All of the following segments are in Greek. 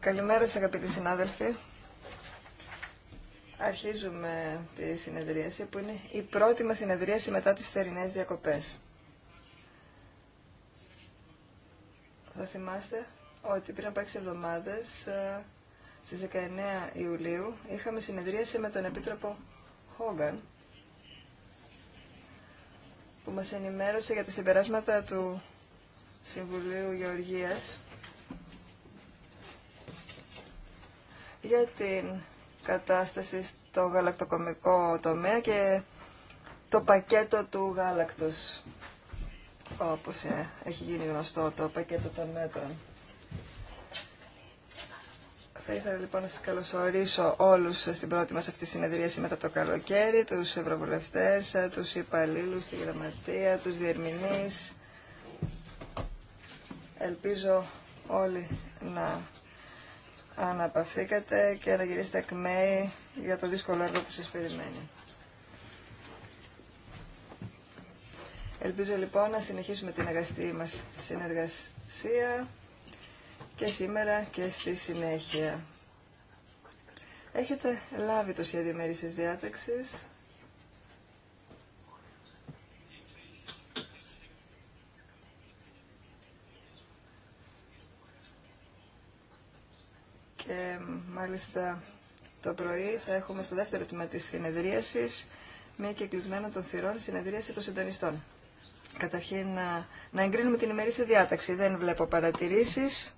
Καλημέρα σας αγαπητοί συνάδελφοι. Αρχίζουμε τη συνεδρίαση που είναι η πρώτη μας συνεδρίαση μετά τις θερινές διακοπές. Θα θυμάστε ότι πριν από έξι εβδομάδες, ε, στις 19 Ιουλίου, είχαμε συνεδρίαση με τον Επίτροπο Χόγκαν, που μας ενημέρωσε για τα συμπεράσματα του Συμβουλίου Γεωργίας για την κατάσταση στο γαλακτοκομικό τομέα και το πακέτο του γάλακτος, όπως ε, έχει γίνει γνωστό το πακέτο των μέτρων. Θα ήθελα λοιπόν να σας καλωσορίσω όλους στην πρώτη μας αυτή τη συνεδρίαση μετά το καλοκαίρι, τους ευρωβουλευτές, ε, τους υπαλλήλους, τη γραμματεία, τους διερμηνείς, Ελπίζω όλοι να αναπαυθήκατε και να γυρίσετε ακμαίοι για το δύσκολο έργο που σας περιμένει. Ελπίζω λοιπόν να συνεχίσουμε την αγαστή μας συνεργασία και σήμερα και στη συνέχεια. Έχετε λάβει το σχέδιο μερίσης διάταξης. Και μάλιστα το πρωί θα έχουμε στο δεύτερο τμήμα της συνεδρίασης μια κυκλισμένα των θυρών συνεδρίαση των συντονιστών. Καταρχήν να, να εγκρίνουμε την ημερήσια διάταξη. Δεν βλέπω παρατηρήσεις.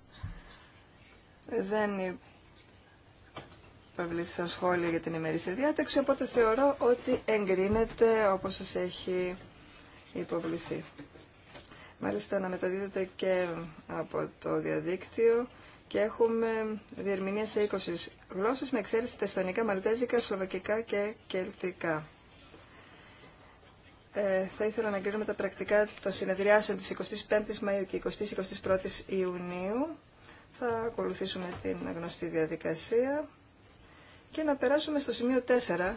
Δεν υπευλήθησαν σχόλια για την ημερήσια διάταξη, οπότε θεωρώ ότι εγκρίνεται όπως σας έχει υποβληθεί. Μάλιστα να μεταδίδεται και από το διαδίκτυο και έχουμε διερμηνία σε 20 γλώσσες με εξαίρεση τεστονικά, μαλτέζικα, σλοβακικά και κελτικά. Ε, θα ήθελα να κρίνουμε τα πρακτικά των συνεδριάσεων της 25ης Μαΐου και 20ης-21ης Ιουνίου. Θα ακολουθήσουμε την γνωστή διαδικασία και να περάσουμε στο σημείο 4.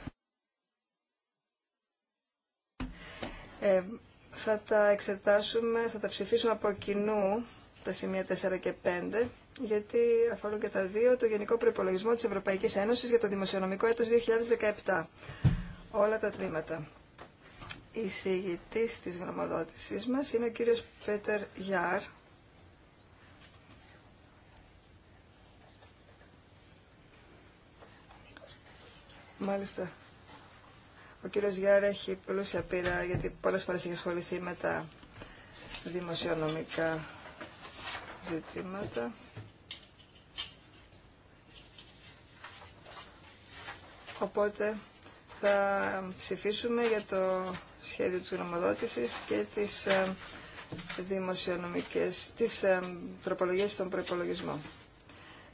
Ε, θα τα εξετάσουμε, θα τα ψηφίσουμε από κοινού τα σημεία 4 και 5 γιατί αφορούν και τα δύο το Γενικό Προπολογισμό της Ευρωπαϊκής Ένωσης για το Δημοσιονομικό έτος 2017. Όλα τα τμήματα. Η συγητής της γνωμοδότησής μας είναι ο κύριος Πέτερ Γιάρ. Μάλιστα. Ο κύριος Γιάρ έχει πλούσια πείρα γιατί πολλές φορές έχει ασχοληθεί με τα δημοσιονομικά ζητήματα. Οπότε θα ψηφίσουμε για το σχέδιο της γνωμοδότησης και τις ε, δημοσιονομικές, τις ε, τροπολογίες των προπολογισμό.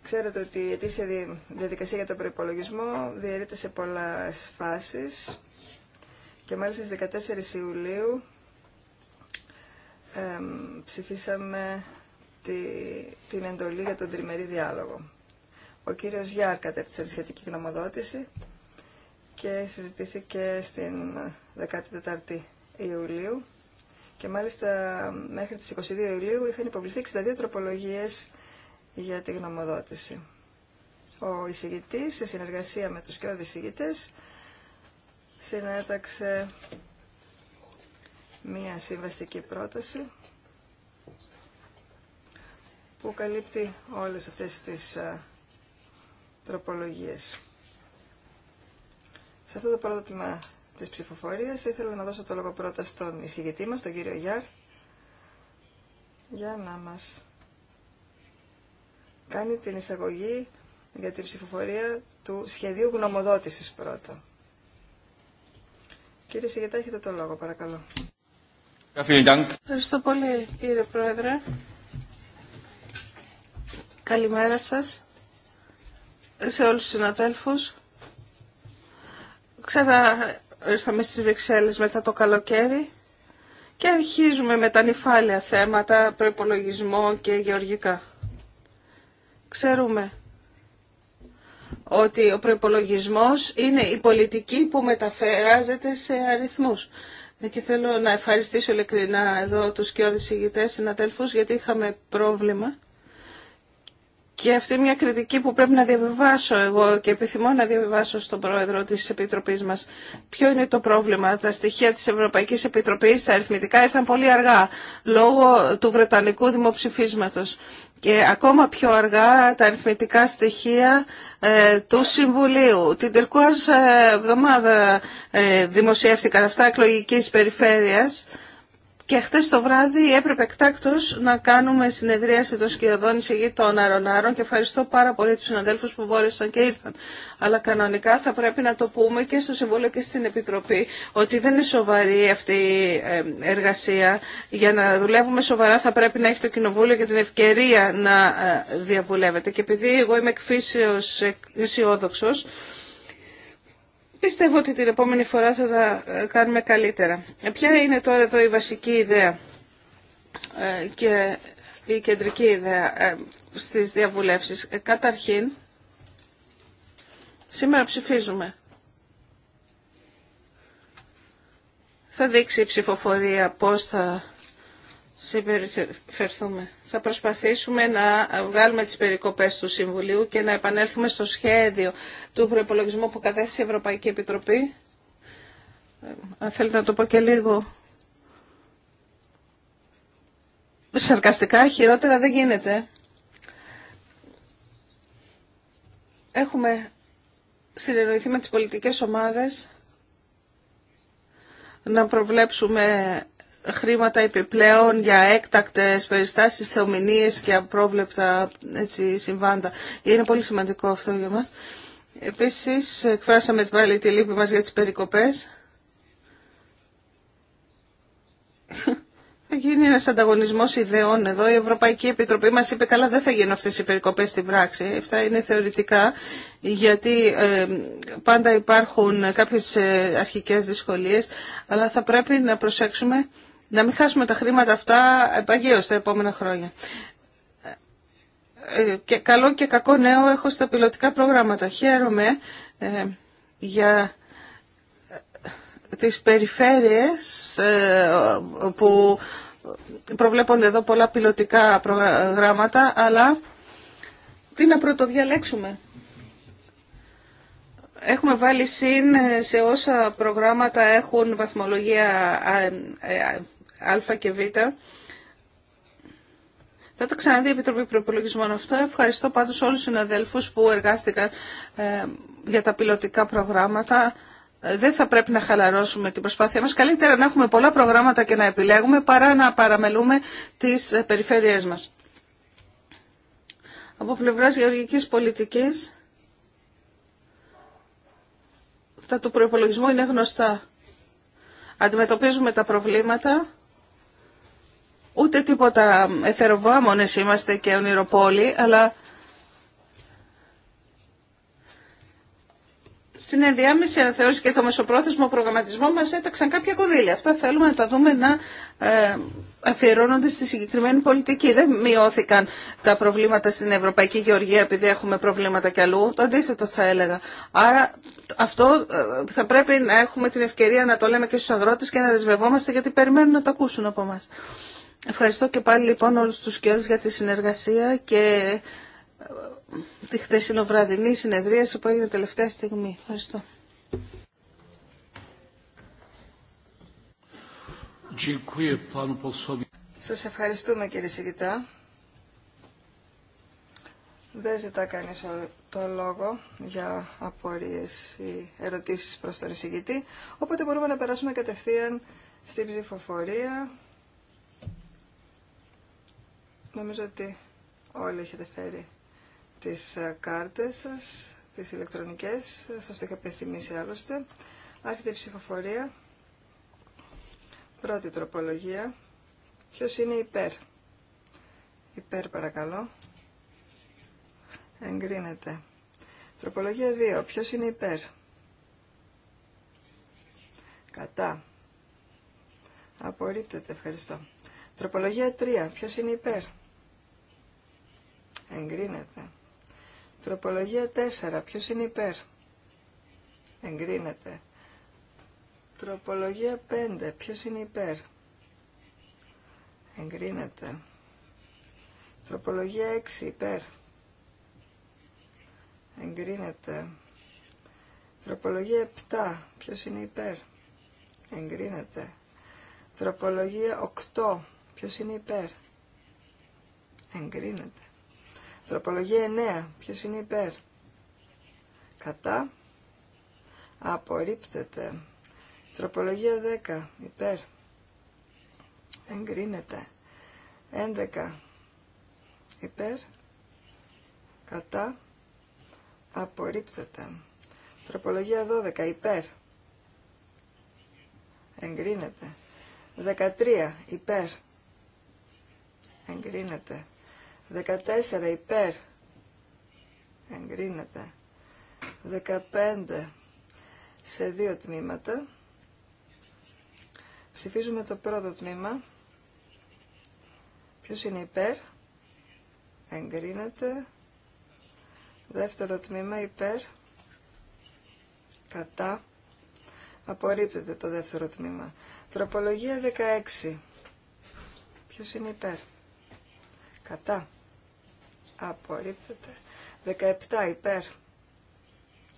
Ξέρετε ότι η αιτήσια διαδικασία για τον προπολογισμό διαιρείται σε πολλές φάσεις και μάλιστα στις 14 Ιουλίου ε, ψηφίσαμε τη, την εντολή για τον τριμερή διάλογο. Ο κύριος Γιάρ κατέπτυσε τη σχετική γνωμοδότηση και συζητήθηκε στην 14η Ιουλίου και μάλιστα μέχρι τις 22 Ιουλίου είχαν υποβληθεί 62 τροπολογίες για τη γνωμοδότηση. Ο εισηγητής, σε συνεργασία με τους και οδησηγητές, συνέταξε μία συμβαστική πρόταση που καλύπτει όλες αυτές τις ε, τροπολογίες. Σε αυτό το πρώτο της ψηφοφορίας θα ήθελα να δώσω το λόγο πρώτα στον εισηγητή μας, τον κύριο Γιάρ, για να μας κάνει την εισαγωγή για την ψηφοφορία του σχεδίου γνωμοδότησης πρώτα. Κύριε Σιγητά, έχετε το λόγο, παρακαλώ. Ευχαριστώ πολύ, κύριε Πρόεδρε. Καλημέρα σας σε όλους τους συναδέλφους. Ξανά ήρθαμε στις Βεξέλλες μετά το καλοκαίρι και αρχίζουμε με τα νυφάλια θέματα, προϋπολογισμό και γεωργικά. Ξέρουμε ότι ο προϋπολογισμός είναι η πολιτική που μεταφεράζεται σε αριθμούς. Ναι, και θέλω να ευχαριστήσω ειλικρινά εδώ τους και ηγητές συναδέλφους γιατί είχαμε πρόβλημα και αυτή είναι μια κριτική που πρέπει να διαβιβάσω εγώ και επιθυμώ να διαβιβάσω στον Πρόεδρο της Επιτροπής μας. Ποιο είναι το πρόβλημα. Τα στοιχεία της Ευρωπαϊκής Επιτροπής, τα αριθμητικά ήρθαν πολύ αργά λόγω του Βρετανικού δημοψηφίσματος. Και ακόμα πιο αργά τα αριθμητικά στοιχεία ε, του Συμβουλίου. Την τερκούας ε, εβδομάδα ε, δημοσιεύτηκαν αυτά εκλογικής περιφέρειας. Και χθε το βράδυ έπρεπε εκτάκτω να κάνουμε συνεδρίαση των σκιωδών εισηγητών και ευχαριστώ πάρα πολύ του συναδέλφου που μπόρεσαν και ήρθαν. Αλλά κανονικά θα πρέπει να το πούμε και στο Συμβούλιο και στην Επιτροπή ότι δεν είναι σοβαρή αυτή η ε, εργασία. Για να δουλεύουμε σοβαρά θα πρέπει να έχει το Κοινοβούλιο και την ευκαιρία να ε, διαβουλεύεται. Και επειδή εγώ είμαι εκφύσεω αισιόδοξο, Πιστεύω ότι την επόμενη φορά θα τα ε, κάνουμε καλύτερα. Ε, ποια είναι τώρα εδώ η βασική ιδέα ε, και η κεντρική ιδέα στις διαβουλεύσεις. Καταρχήν, σήμερα ψηφίζουμε. Θα δείξει η ψηφοφορία πώς θα συμπεριφερθούμε. Θα προσπαθήσουμε να βγάλουμε τις περικοπές του Συμβουλίου και να επανέλθουμε στο σχέδιο του προπολογισμού που καθέσει η Ευρωπαϊκή Επιτροπή. Αν θέλετε να το πω και λίγο σαρκαστικά, χειρότερα δεν γίνεται. Έχουμε συνεννοηθεί με τις πολιτικές ομάδες να προβλέψουμε χρήματα επιπλέον για έκτακτες περιστάσεις, θεομηνίες και απρόβλεπτα έτσι, συμβάντα. Είναι πολύ σημαντικό αυτό για μας. Επίσης, εκφράσαμε πάλι τη λύπη μας για τις περικοπές. Θα γίνει ένας ανταγωνισμός ιδεών εδώ. Η Ευρωπαϊκή Επιτροπή μας είπε καλά δεν θα γίνουν αυτές οι περικοπές στην πράξη. Αυτά είναι θεωρητικά γιατί ε, πάντα υπάρχουν κάποιες ε, αρχικές δυσκολίες αλλά θα πρέπει να προσέξουμε να μην χάσουμε τα χρήματα αυτά επαγίως τα επόμενα χρόνια. Ε, και καλό και κακό νέο έχω στα πιλωτικά προγράμματα. Χαίρομαι ε, για ε, τις περιφέρειες που προβλέπονται εδώ πολλά πιλωτικά προγράμματα, αλλά τι να πρωτοδιαλέξουμε. Έχουμε βάλει συν σε όσα προγράμματα έχουν βαθμολογία Α και Β. Θα τα ξαναδεί η Επιτροπή Προπολογισμών αυτό. Ευχαριστώ πάντω όλους τους συναδέλφους που εργάστηκαν ε, για τα πιλωτικά προγράμματα. Ε, δεν θα πρέπει να χαλαρώσουμε την προσπάθειά μας. Καλύτερα να έχουμε πολλά προγράμματα και να επιλέγουμε παρά να παραμελούμε τις ε, περιφέρειές μας. Από πλευρά γεωργικής πολιτική. τα του προπολογισμού είναι γνωστά. Αντιμετωπίζουμε τα προβλήματα ούτε τίποτα εθεροβάμονες είμαστε και ονειροπόλοι, αλλά στην ενδιάμεση αναθεώρηση και το μεσοπρόθεσμο προγραμματισμό μας έταξαν κάποια κονδύλια. Αυτά θέλουμε να τα δούμε να ε, αφιερώνονται στη συγκεκριμένη πολιτική. Δεν μειώθηκαν τα προβλήματα στην Ευρωπαϊκή Γεωργία επειδή έχουμε προβλήματα κι αλλού. Το αντίθετο θα έλεγα. Άρα αυτό ε, θα πρέπει να έχουμε την ευκαιρία να το λέμε και στους αγρότες και να δεσμευόμαστε γιατί περιμένουν να το ακούσουν από εμάς. Ευχαριστώ και πάλι λοιπόν όλους τους όλες για τη συνεργασία και ε, τη χτεσινοβραδινή συνεδρίαση που έγινε τελευταία στιγμή. Ευχαριστώ. Σας ευχαριστούμε κύριε Σιγητά. Δεν ζητά κανείς το λόγο για απορίες ή ερωτήσεις προς τον εισηγητή, οπότε μπορούμε να περάσουμε κατευθείαν στην ψηφοφορία. Νομίζω ότι όλοι έχετε φέρει τις ε, κάρτες σας, τις ηλεκτρονικές, σας το είχα πεθυμίσει άλλωστε. Άρχεται η ψηφοφορία. Πρώτη τροπολογία. Ποιος είναι υπέρ. Υπέρ παρακαλώ. Εγκρίνεται. Τροπολογία 2. Ποιος είναι υπέρ. Κατά. Απορρίπτεται. Ευχαριστώ. Τροπολογία 3. Ποιος είναι υπέρ εγκρίνεται. Τροπολογία 4, ποιος είναι υπέρ, εγκρίνεται. Τροπολογία 5, ποιος είναι υπέρ, εγκρίνεται. Τροπολογία 6, υπέρ, εγκρίνεται. Τροπολογία 7, ποιος είναι υπέρ, εγκρίνεται. Τροπολογία 8, ποιος είναι υπέρ, εγκρίνεται. Τροπολογία 9. Ποιος είναι υπέρ. Κατά. Απορρίπτεται. Τροπολογία 10. Υπέρ. Εγκρίνεται. 11. Υπέρ. Κατά. Απορρίπτεται. Τροπολογία 12. Υπέρ. Εγκρίνεται. 13. Υπέρ. Εγκρίνεται. 14 υπέρ. Εγκρίνεται. 15 σε δύο τμήματα. Ψηφίζουμε το πρώτο τμήμα. Ποιος είναι υπέρ. Εγκρίνεται. Δεύτερο τμήμα υπέρ. Κατά. Απορρίπτεται το δεύτερο τμήμα. Τροπολογία 16. Ποιος είναι υπέρ. Κατά απορρίπτεται. 17 υπέρ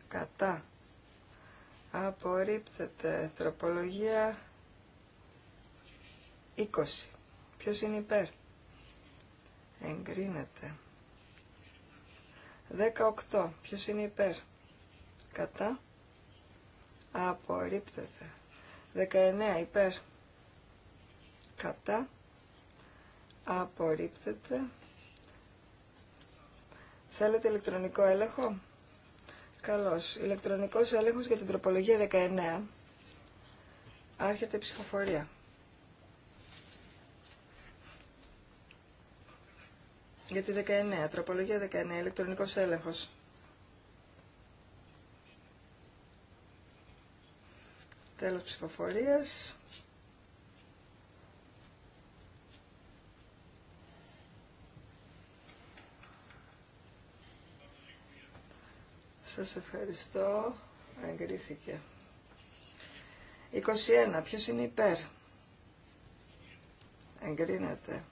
κατά απορρίπτεται. Τροπολογία 20. Ποιος είναι υπέρ. Εγκρίνεται. 18. Ποιος είναι υπέρ. Κατά. Απορρίπτεται. 19. Υπέρ. Κατά. Απορρίπτεται. Θέλετε ηλεκτρονικό έλεγχο. Καλώς. Ηλεκτρονικός έλεγχος για την τροπολογία 19. Άρχεται η ψηφοφορία. Για τη 19. Τροπολογία 19. Ηλεκτρονικός έλεγχος. Τέλος ψηφοφορίας. Σας ευχαριστώ. Εγκρίθηκε. 21. Ποιος είναι υπέρ. Εγκρίνεται.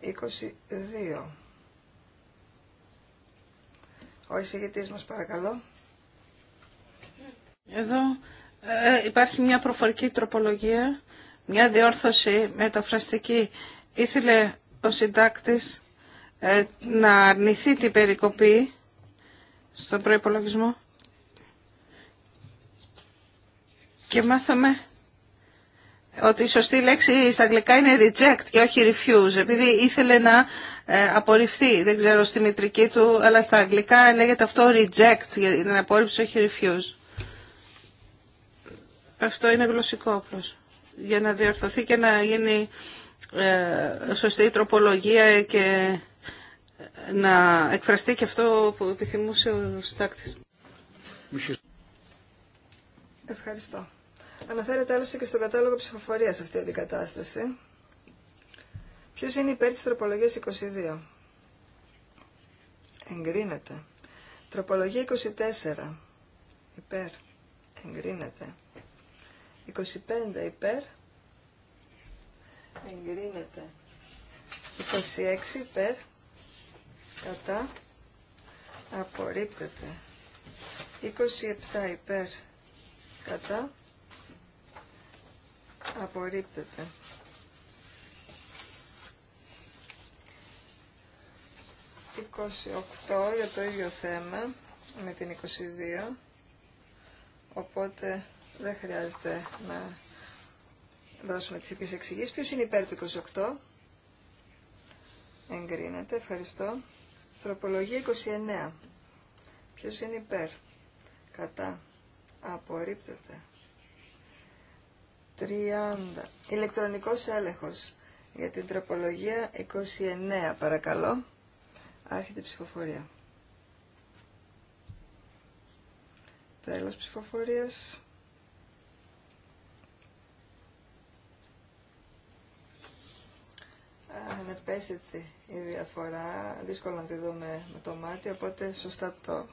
22. Ο εισηγητής μας παρακαλώ. Εδώ ε, υπάρχει μια προφορική τροπολογία, μια διόρθωση μεταφραστική. Ήθελε ο συντάκτης ε, να αρνηθεί την περικοπή στον προϋπολογισμό και μάθαμε ότι η σωστή λέξη στα αγγλικά είναι reject και όχι refuse επειδή ήθελε να ε, απορριφθεί, δεν ξέρω στη μητρική του αλλά στα αγγλικά λέγεται αυτό reject για την απόρριψη όχι refuse. Αυτό είναι γλωσσικό απλώς για να διορθωθεί και να γίνει ε, σωστή η τροπολογία και να εκφραστεί και αυτό που επιθυμούσε ο συντάκτης. Ευχαριστώ. Αναφέρεται άλλωστε και στον κατάλογο ψηφοφορίας αυτή η αντικατάσταση. Ποιο είναι υπέρ τη τροπολογίας 22. Εγκρίνεται. Τροπολογία 24. Υπέρ. Εγκρίνεται. 25 υπέρ. Εγκρίνεται. 26 υπέρ κατά απορρίπτεται 27 υπέρ κατά απορρίπτεται ...28 για το ίδιο θέμα με την 22 οπότε δεν χρειάζεται να δώσουμε τις ειδικές εξηγήσεις. Ποιος είναι υπέρ του 28 εγκρίνεται, ευχαριστώ Τροπολογία 29. Ποιος είναι υπέρ. Κατά. Απορρίπτεται. 30. Ηλεκτρονικός έλεγχος για την τροπολογία 29. Παρακαλώ. Άρχεται η ψηφοφορία. Τέλος ψηφοφορίας. ανεπαίσθητη η διαφορά, δύσκολο να τη δούμε με το μάτι, οπότε σωστά το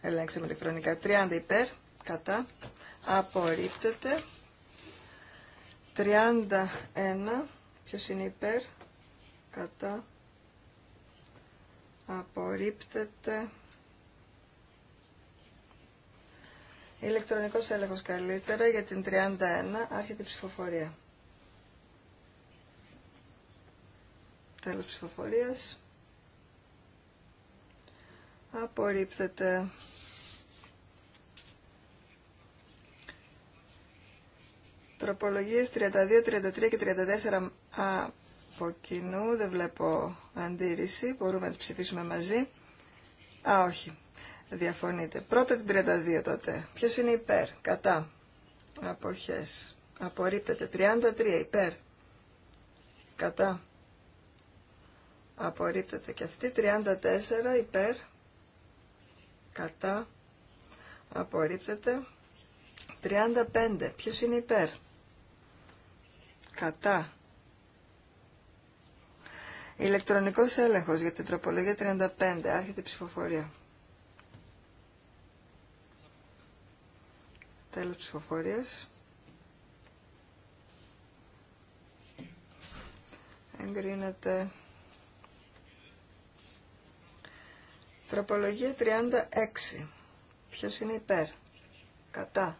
ελέγξαμε ηλεκτρονικά. 30 υπέρ, κατά, απορρίπτεται. 31, ποιος είναι υπέρ, κατά, απορρίπτεται. Ηλεκτρονικός έλεγχος καλύτερα για την 31, άρχεται η ψηφοφορία. Τέλος ψηφοφορίας. Απορρίπτεται. Τροπολογίες 32, 33 και 34 από κοινού. Δεν βλέπω αντίρρηση. Μπορούμε να τις ψηφίσουμε μαζί. Α, όχι. Διαφωνείτε. Πρώτα την 32 τότε. Ποιος είναι υπέρ. Κατά. Αποχές. Απορρίπτεται. 33 υπέρ. Κατά απορρίπτεται και αυτή 34 υπέρ κατά απορρίπτεται 35 ποιος είναι υπέρ κατά ηλεκτρονικός έλεγχος για την τροπολογία 35 άρχεται η ψηφοφορία τέλος ψηφοφορίας εγκρίνεται Τροπολογία 36. Ποιος είναι υπέρ. Κατά.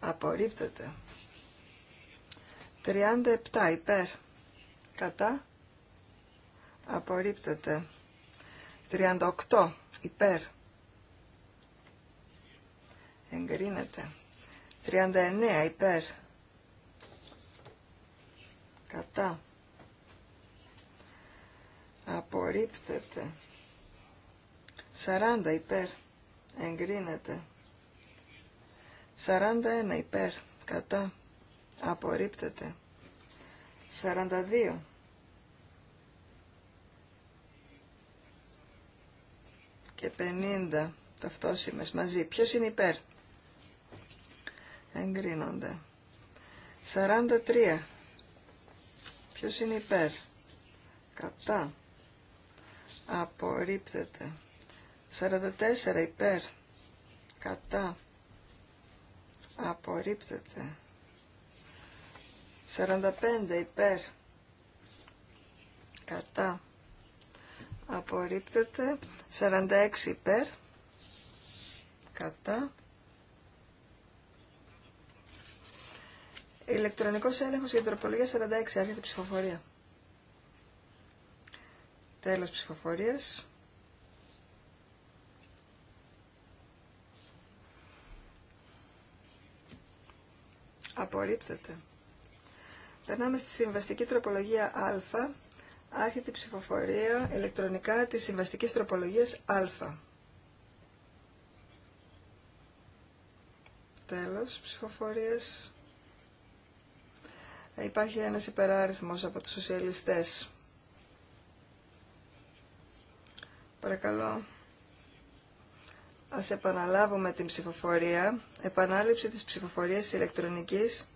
Απορρίπτεται. 37 υπέρ. Κατά. Απορρίπτεται. 38 υπέρ. Εγκρίνεται. 39 υπέρ. Κατά απορρίπτεται. 40 υπέρ, εγκρίνεται. 41 υπέρ, κατά, απορρίπτεται. 42 και 50 ταυτόσημες μαζί. Ποιο είναι υπέρ. Εγκρίνονται. 43. Ποιο είναι υπέρ. Κατά απορρίπτεται. 44 υπέρ κατά απορρίπτεται. 45 υπέρ κατά απορρίπτεται. 46 υπέρ κατά Ηλεκτρονικός έλεγχος για τροπολογία 46, άρχεται ψηφοφορία. Τέλος ψηφοφορίας. Απορρίπτεται. Περνάμε στη συμβαστική τροπολογία Α. Άρχεται η ψηφοφορία ηλεκτρονικά της συμβαστικής τροπολογίας Α. Τέλος ψηφοφορίας. Ε, υπάρχει ένας υπεράριθμος από τους σοσιαλιστές. Παρακαλώ. Ας επαναλάβουμε την ψηφοφορία. Επανάληψη της ψηφοφορίας της ηλεκτρονικής.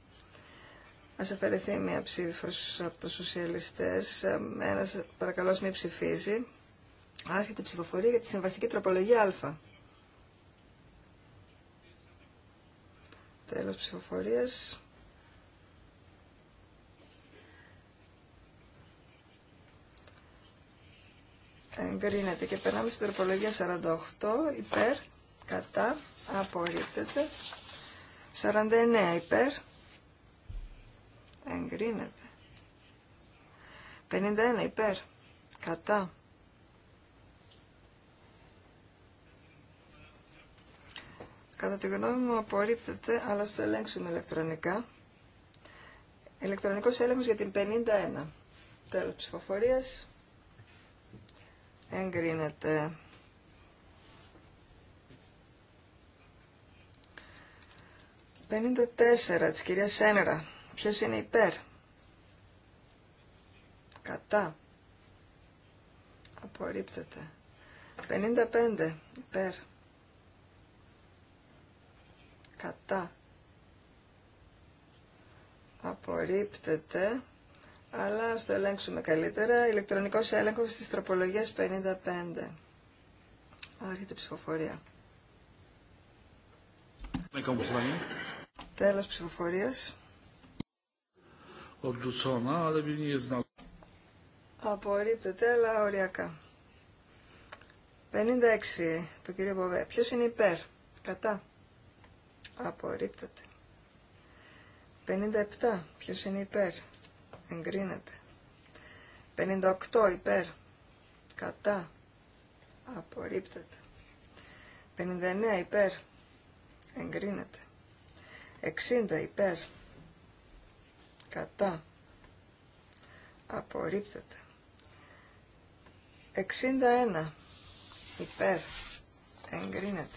Ας αφαιρεθεί μία ψήφος από τους σοσιαλιστές. Ένας παρακαλώ μη ψηφίζει. Άρχεται η ψηφοφορία για τη συμβαστική τροπολογία Α. Τέλος ψηφοφορίας. εγκρίνεται και περνάμε στην τροπολογία 48 υπέρ κατά απορρίπτεται 49 υπέρ εγκρίνεται 51 υπέρ κατά κατά τη γνώμη μου απορρίπτεται αλλά στο ελέγξουμε ηλεκτρονικά ηλεκτρονικός έλεγχος για την 51 τέλος ψηφοφορίας εγκρίνεται. Πενήντα τέσσερα της κυρίας Σένερα. Ποιος είναι υπέρ. Κατά. Απορρίπτεται. 55 υπέρ. Κατά. Απορρίπτεται αλλά ας το ελέγξουμε καλύτερα. Ηλεκτρονικός έλεγχος της τροπολογίας 55. Άρχεται η ψηφοφορία. Τέλος ψηφοφορίας. Απορρίπτεται, αλλά οριακά. 56 το κύριο Μποβέ. Ποιος είναι υπέρ, κατά. Απορρίπτεται. 57. Ποιος είναι υπέρ, εγκρίνεται. 58 υπέρ, κατά, απορρίπτεται. 59 υπέρ, εγκρίνεται. 60 υπέρ, κατά, απορρίπτεται. 61 υπέρ, εγκρίνεται.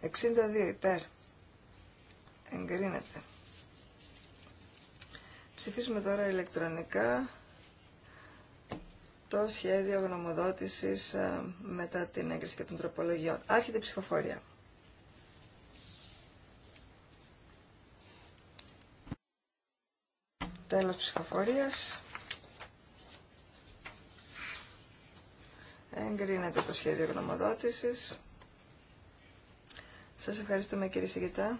62 υπέρ, εγκρίνεται. Ψηφίσουμε τώρα ηλεκτρονικά το σχέδιο γνωμοδότησης ε, μετά την έγκριση και των τροπολογιών. Άρχεται η ψηφοφορία. Τέλος ψηφοφορίας. Εγκρίνεται το σχέδιο γνωμοδότησης. Σας ευχαριστούμε κύριε Σιγητά.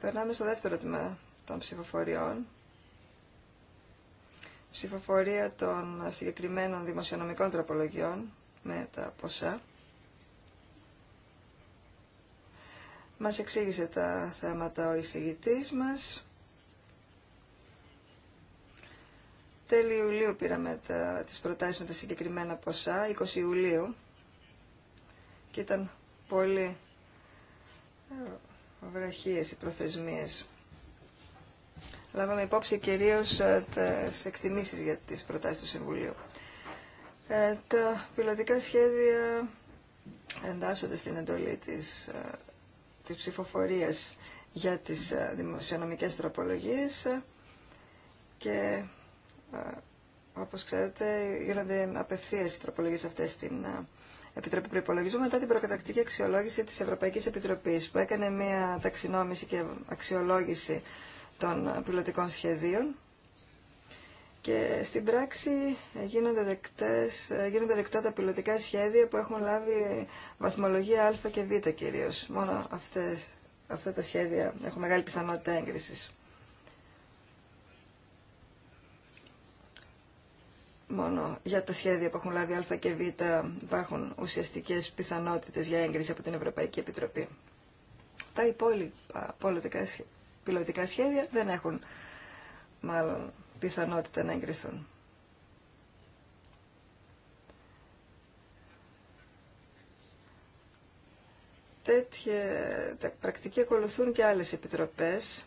Περνάμε στο δεύτερο τμήμα των ψηφοφοριών, ψηφοφορία των συγκεκριμένων δημοσιονομικών τροπολογιών με τα ποσά, Μας εξήγησε τα θέματα ο εισηγητής μας. Τέλη Ιουλίου πήραμε τα, τις προτάσεις με τα συγκεκριμένα ποσά, 20 Ιουλίου. Και ήταν πολύ ε, βραχίες οι προθεσμίες λάβαμε υπόψη κυρίως ε, τις εκτιμήσεις για τις προτάσεις του Συμβουλίου. Ε, τα πιλωτικά σχέδια εντάσσονται στην εντολή της, ε, της ψηφοφορίας για τις δημοσιονομικές τροπολογίες και όπως ξέρετε γίνονται απευθείας οι τροπολογίες αυτές στην Επιτροπή Προπολογισμού μετά την προκατακτική αξιολόγηση της Ευρωπαϊκής Επιτροπής που έκανε μια ταξινόμηση και αξιολόγηση των πιλωτικών σχεδίων και στην πράξη ε, γίνονται, δεκτές, ε, γίνονται δεκτά τα πιλωτικά σχέδια που έχουν λάβει βαθμολογία Α και Β κυρίως. Μόνο αυτές, αυτά τα σχέδια έχουν μεγάλη πιθανότητα έγκρισης. Μόνο για τα σχέδια που έχουν λάβει Α και Β υπάρχουν ουσιαστικές πιθανότητες για έγκριση από την Ευρωπαϊκή Επιτροπή. Τα υπόλοιπα πολιτικά πιλωτικά σχέδια δεν έχουν μάλλον πιθανότητα να εγκριθούν. Τέτοια τα πρακτική ακολουθούν και άλλες επιτροπές,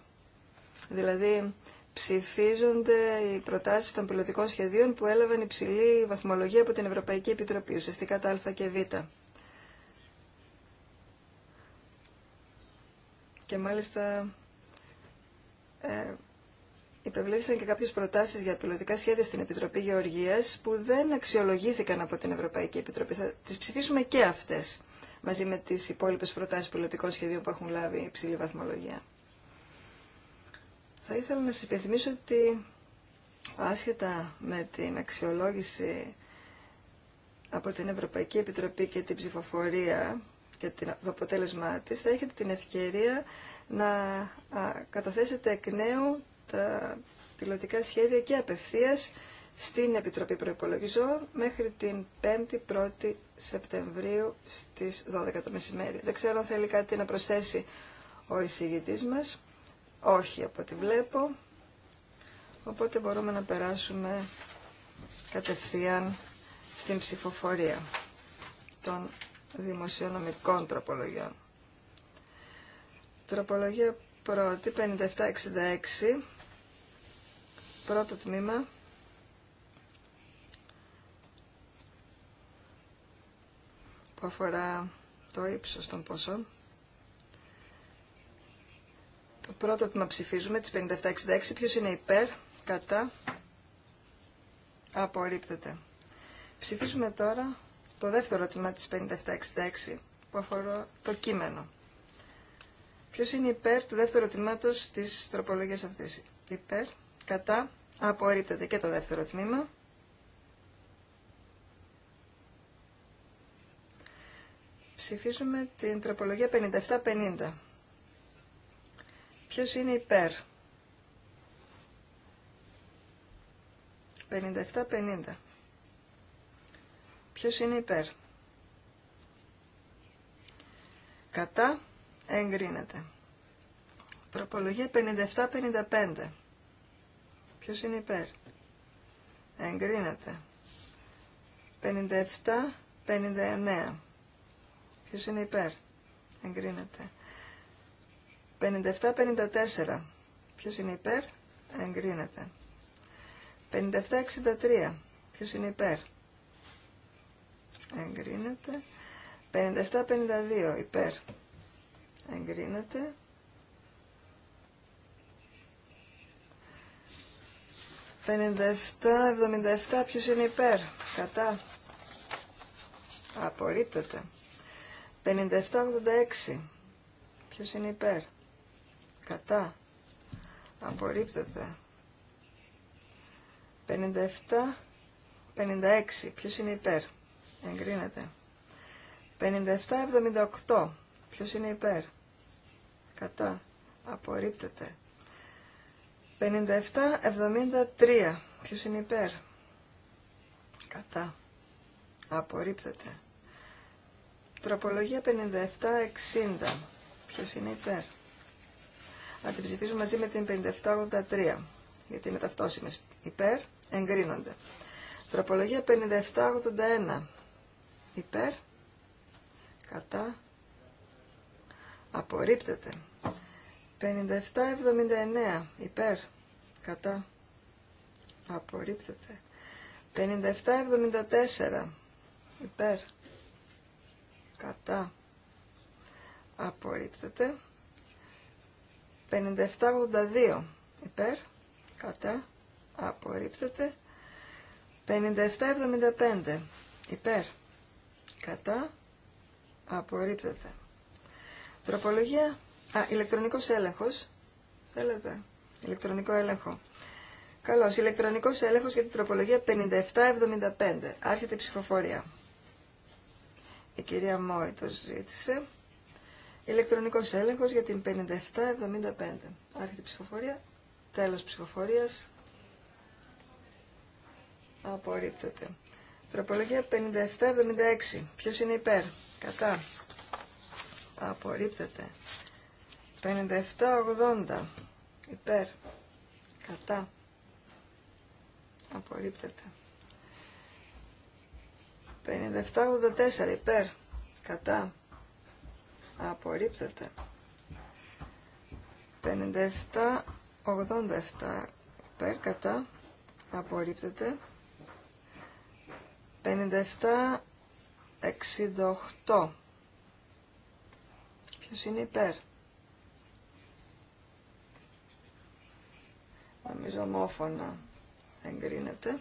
δηλαδή ψηφίζονται οι προτάσεις των πιλωτικών σχεδίων που έλαβαν υψηλή βαθμολογία από την Ευρωπαϊκή Επιτροπή, ουσιαστικά τα Α και Β. Και μάλιστα ε, υπευλήθησαν και κάποιες προτάσεις για πιλωτικά σχέδια στην Επιτροπή Γεωργίας που δεν αξιολογήθηκαν από την Ευρωπαϊκή Επιτροπή. Θα τις ψηφίσουμε και αυτές μαζί με τις υπόλοιπες προτάσεις πιλωτικών σχεδίων που έχουν λάβει υψηλή βαθμολογία. Θα ήθελα να σας υπενθυμίσω ότι άσχετα με την αξιολόγηση από την Ευρωπαϊκή Επιτροπή και την ψηφοφορία και το αποτέλεσμά της, θα έχετε την ευκαιρία να καταθέσετε εκ νέου τα πιλωτικά σχέδια και απευθείας στην Επιτροπή Προϋπολογιζών μέχρι την 5η 1η Σεπτεμβρίου στις 12 το μεσημέρι. Δεν ξέρω αν θέλει κάτι να προσθέσει ο εισηγητής μας. Όχι από ό,τι βλέπω. Οπότε μπορούμε να περάσουμε κατευθείαν στην ψηφοφορία των δημοσιονομικών τροπολογιών. Τροπολογία πρώτη, 5766, πρώτο τμήμα. που αφορά το ύψος των ποσών. Το πρώτο τμήμα ψηφίζουμε, τις 5766, ποιος είναι υπέρ, κατά, απορρίπτεται. Ψηφίζουμε τώρα το δεύτερο τμήμα της 5766 που αφορά το κείμενο. Ποιο είναι υπέρ του δεύτερου τμήματο της τροπολογία αυτής. Υπέρ, κατά, απορρίπτεται και το δεύτερο τμήμα. Ψηφίζουμε την τροπολογία 57-50. Ποιος είναι υπέρ. 57-50. Ποιος είναι υπέρ. Κατά Εγκρίνεται. Τροπολογία 57-55. Ποιος είναι υπέρ. Εγκρίνεται. 57-59. Ποιος είναι υπέρ. Εγκρίνεται. 57-54. Ποιος είναι υπέρ. Εγκρίνεται. 57-63. Ποιος είναι υπέρ. Εγκρίνεται. 57-52. Υπέρ εγκρίνεται. 57 77, ποιος είναι υπέρ, κατά, απορρίπτεται. 57-86, ποιος είναι υπέρ, κατά, απορρίπτεται. 57-56, ποιος είναι υπέρ, εγκρίνεται. 57-78, ποιος είναι υπέρ, κατά απορρίπτεται 57-73 ποιος είναι υπέρ κατά απορρίπτεται τροπολογία 57-60 ποιος είναι υπέρ να την μαζί με την 57-83 γιατί είναι ταυτόσιμες υπέρ εγκρίνονται τροπολογία 57-81 υπέρ κατά Απορρίπτεται. 57-79 υπέρ. Κατά. Απορρίπτεται. 57-74 υπέρ. Κατά. Απορρίπτεται. 57-82 υπέρ. Κατά. Απορρίπτεται. 57-75 υπέρ. Κατά. Απορρίπτεται. Τροπολογία. Α, ηλεκτρονικός έλεγχος. Θέλετε. Ηλεκτρονικό έλεγχο. Καλώ. Ηλεκτρονικός έλεγχος για την τροπολογία 5775. Άρχεται η ψηφοφορία. Η κυρία Μόη το ζήτησε. Ηλεκτρονικός έλεγχος για την 5775. Άρχεται η ψηφοφορία. Τέλος ψηφοφορια Απορρίπτεται. Τροπολογία 5776. Ποιο είναι υπέρ. Κατά απορρίπτεται. 57-80 υπέρ κατά απορρίπτεται. 57-84 υπέρ κατά απορρίπτεται. 57-87 υπέρ κατά απορρίπτεται. 57-68 Ποιος είναι υπέρ. Νομίζω ομόφωνα εγκρίνεται.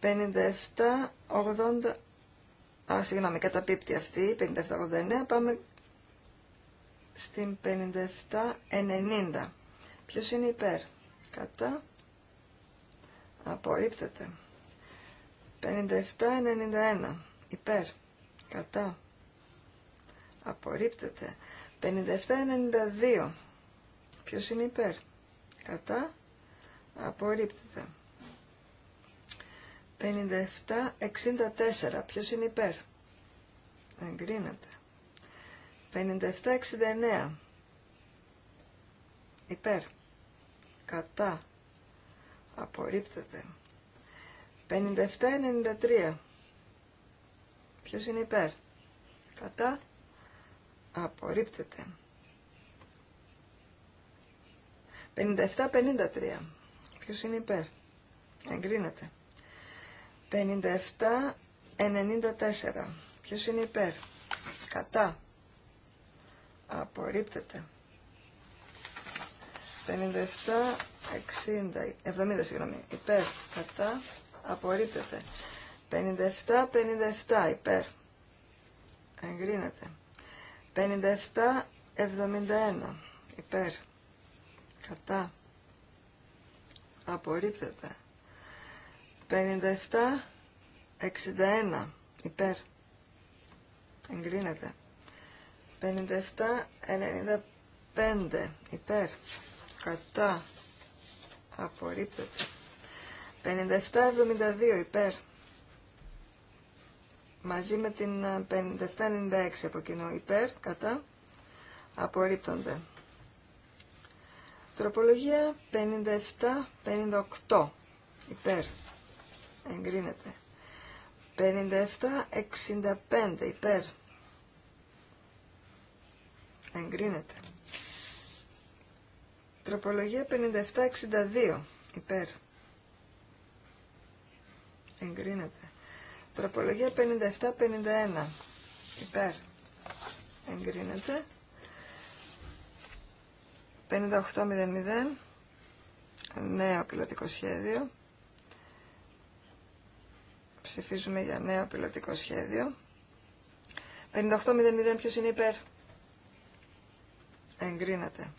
57, 80, α, συγγνώμη, καταπίπτει αυτή, 57-89, πάμε στην 57-90. Ποιος είναι υπέρ, κατά, απορρίπτεται. 57-91, υπέρ, κατά, απορρίπτεται. 57-92. Ποιος είναι υπέρ. Κατά. Απορρίπτεται. 57-64. Ποιος είναι υπέρ. Εγκρίνεται. 57-69. Υπέρ. Κατά. Απορρίπτεται. 57-93. Ποιος είναι υπέρ. Κατά. Απορρίπτεται. 57-53. Ποιος είναι υπέρ. Εγκρίνεται. 57-94. Ποιος είναι υπέρ. Κατά. Απορρίπτεται. 57-60. 70 συγγνώμη. Υπέρ. Κατά. Απορρίπτεται. 57-57. Υπέρ. Εγκρίνεται. 57-71 υπέρ κατά απορρίπτεται 57-61 υπέρ εγκρίνεται 57-95 υπέρ κατά απορρίπτεται 57-72 υπέρ μαζί με την 5796 ε, από κοινό υπέρ, κατά, απορρίπτονται. Τροπολογία 57-58 υπέρ, εγκρίνεται. 57-65 υπέρ, εγκρίνεται. Τροπολογία 57-62 υπέρ, εγκρίνεται. Τροπολογία 57-51. Υπέρ. Εγκρίνεται. 58 Νέο πιλωτικό σχέδιο. Ψηφίζουμε για νέο πιλωτικό σχέδιο. 58-00. Ποιος είναι υπέρ. Εγκρίνεται.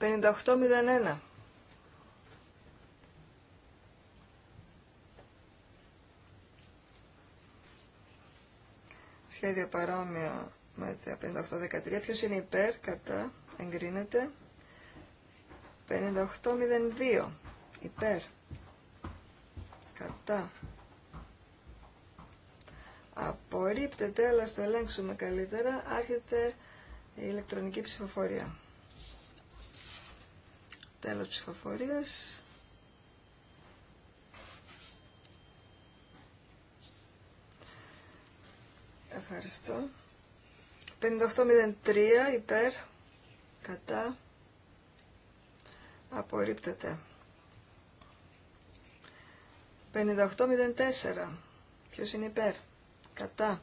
58-01. σχέδιο παρόμοιο με τα 58-13. Ποιος είναι υπέρ, κατά, εγκρίνεται. 5802, υπέρ, κατά. Απορρίπτεται, αλλά στο ελέγξουμε καλύτερα, άρχεται η ηλεκτρονική ψηφοφορία. Τέλος ψηφοφορίας. Ευχαριστώ. 5803 υπέρ κατά απορρίπτεται. 5804 ποιος είναι υπέρ κατά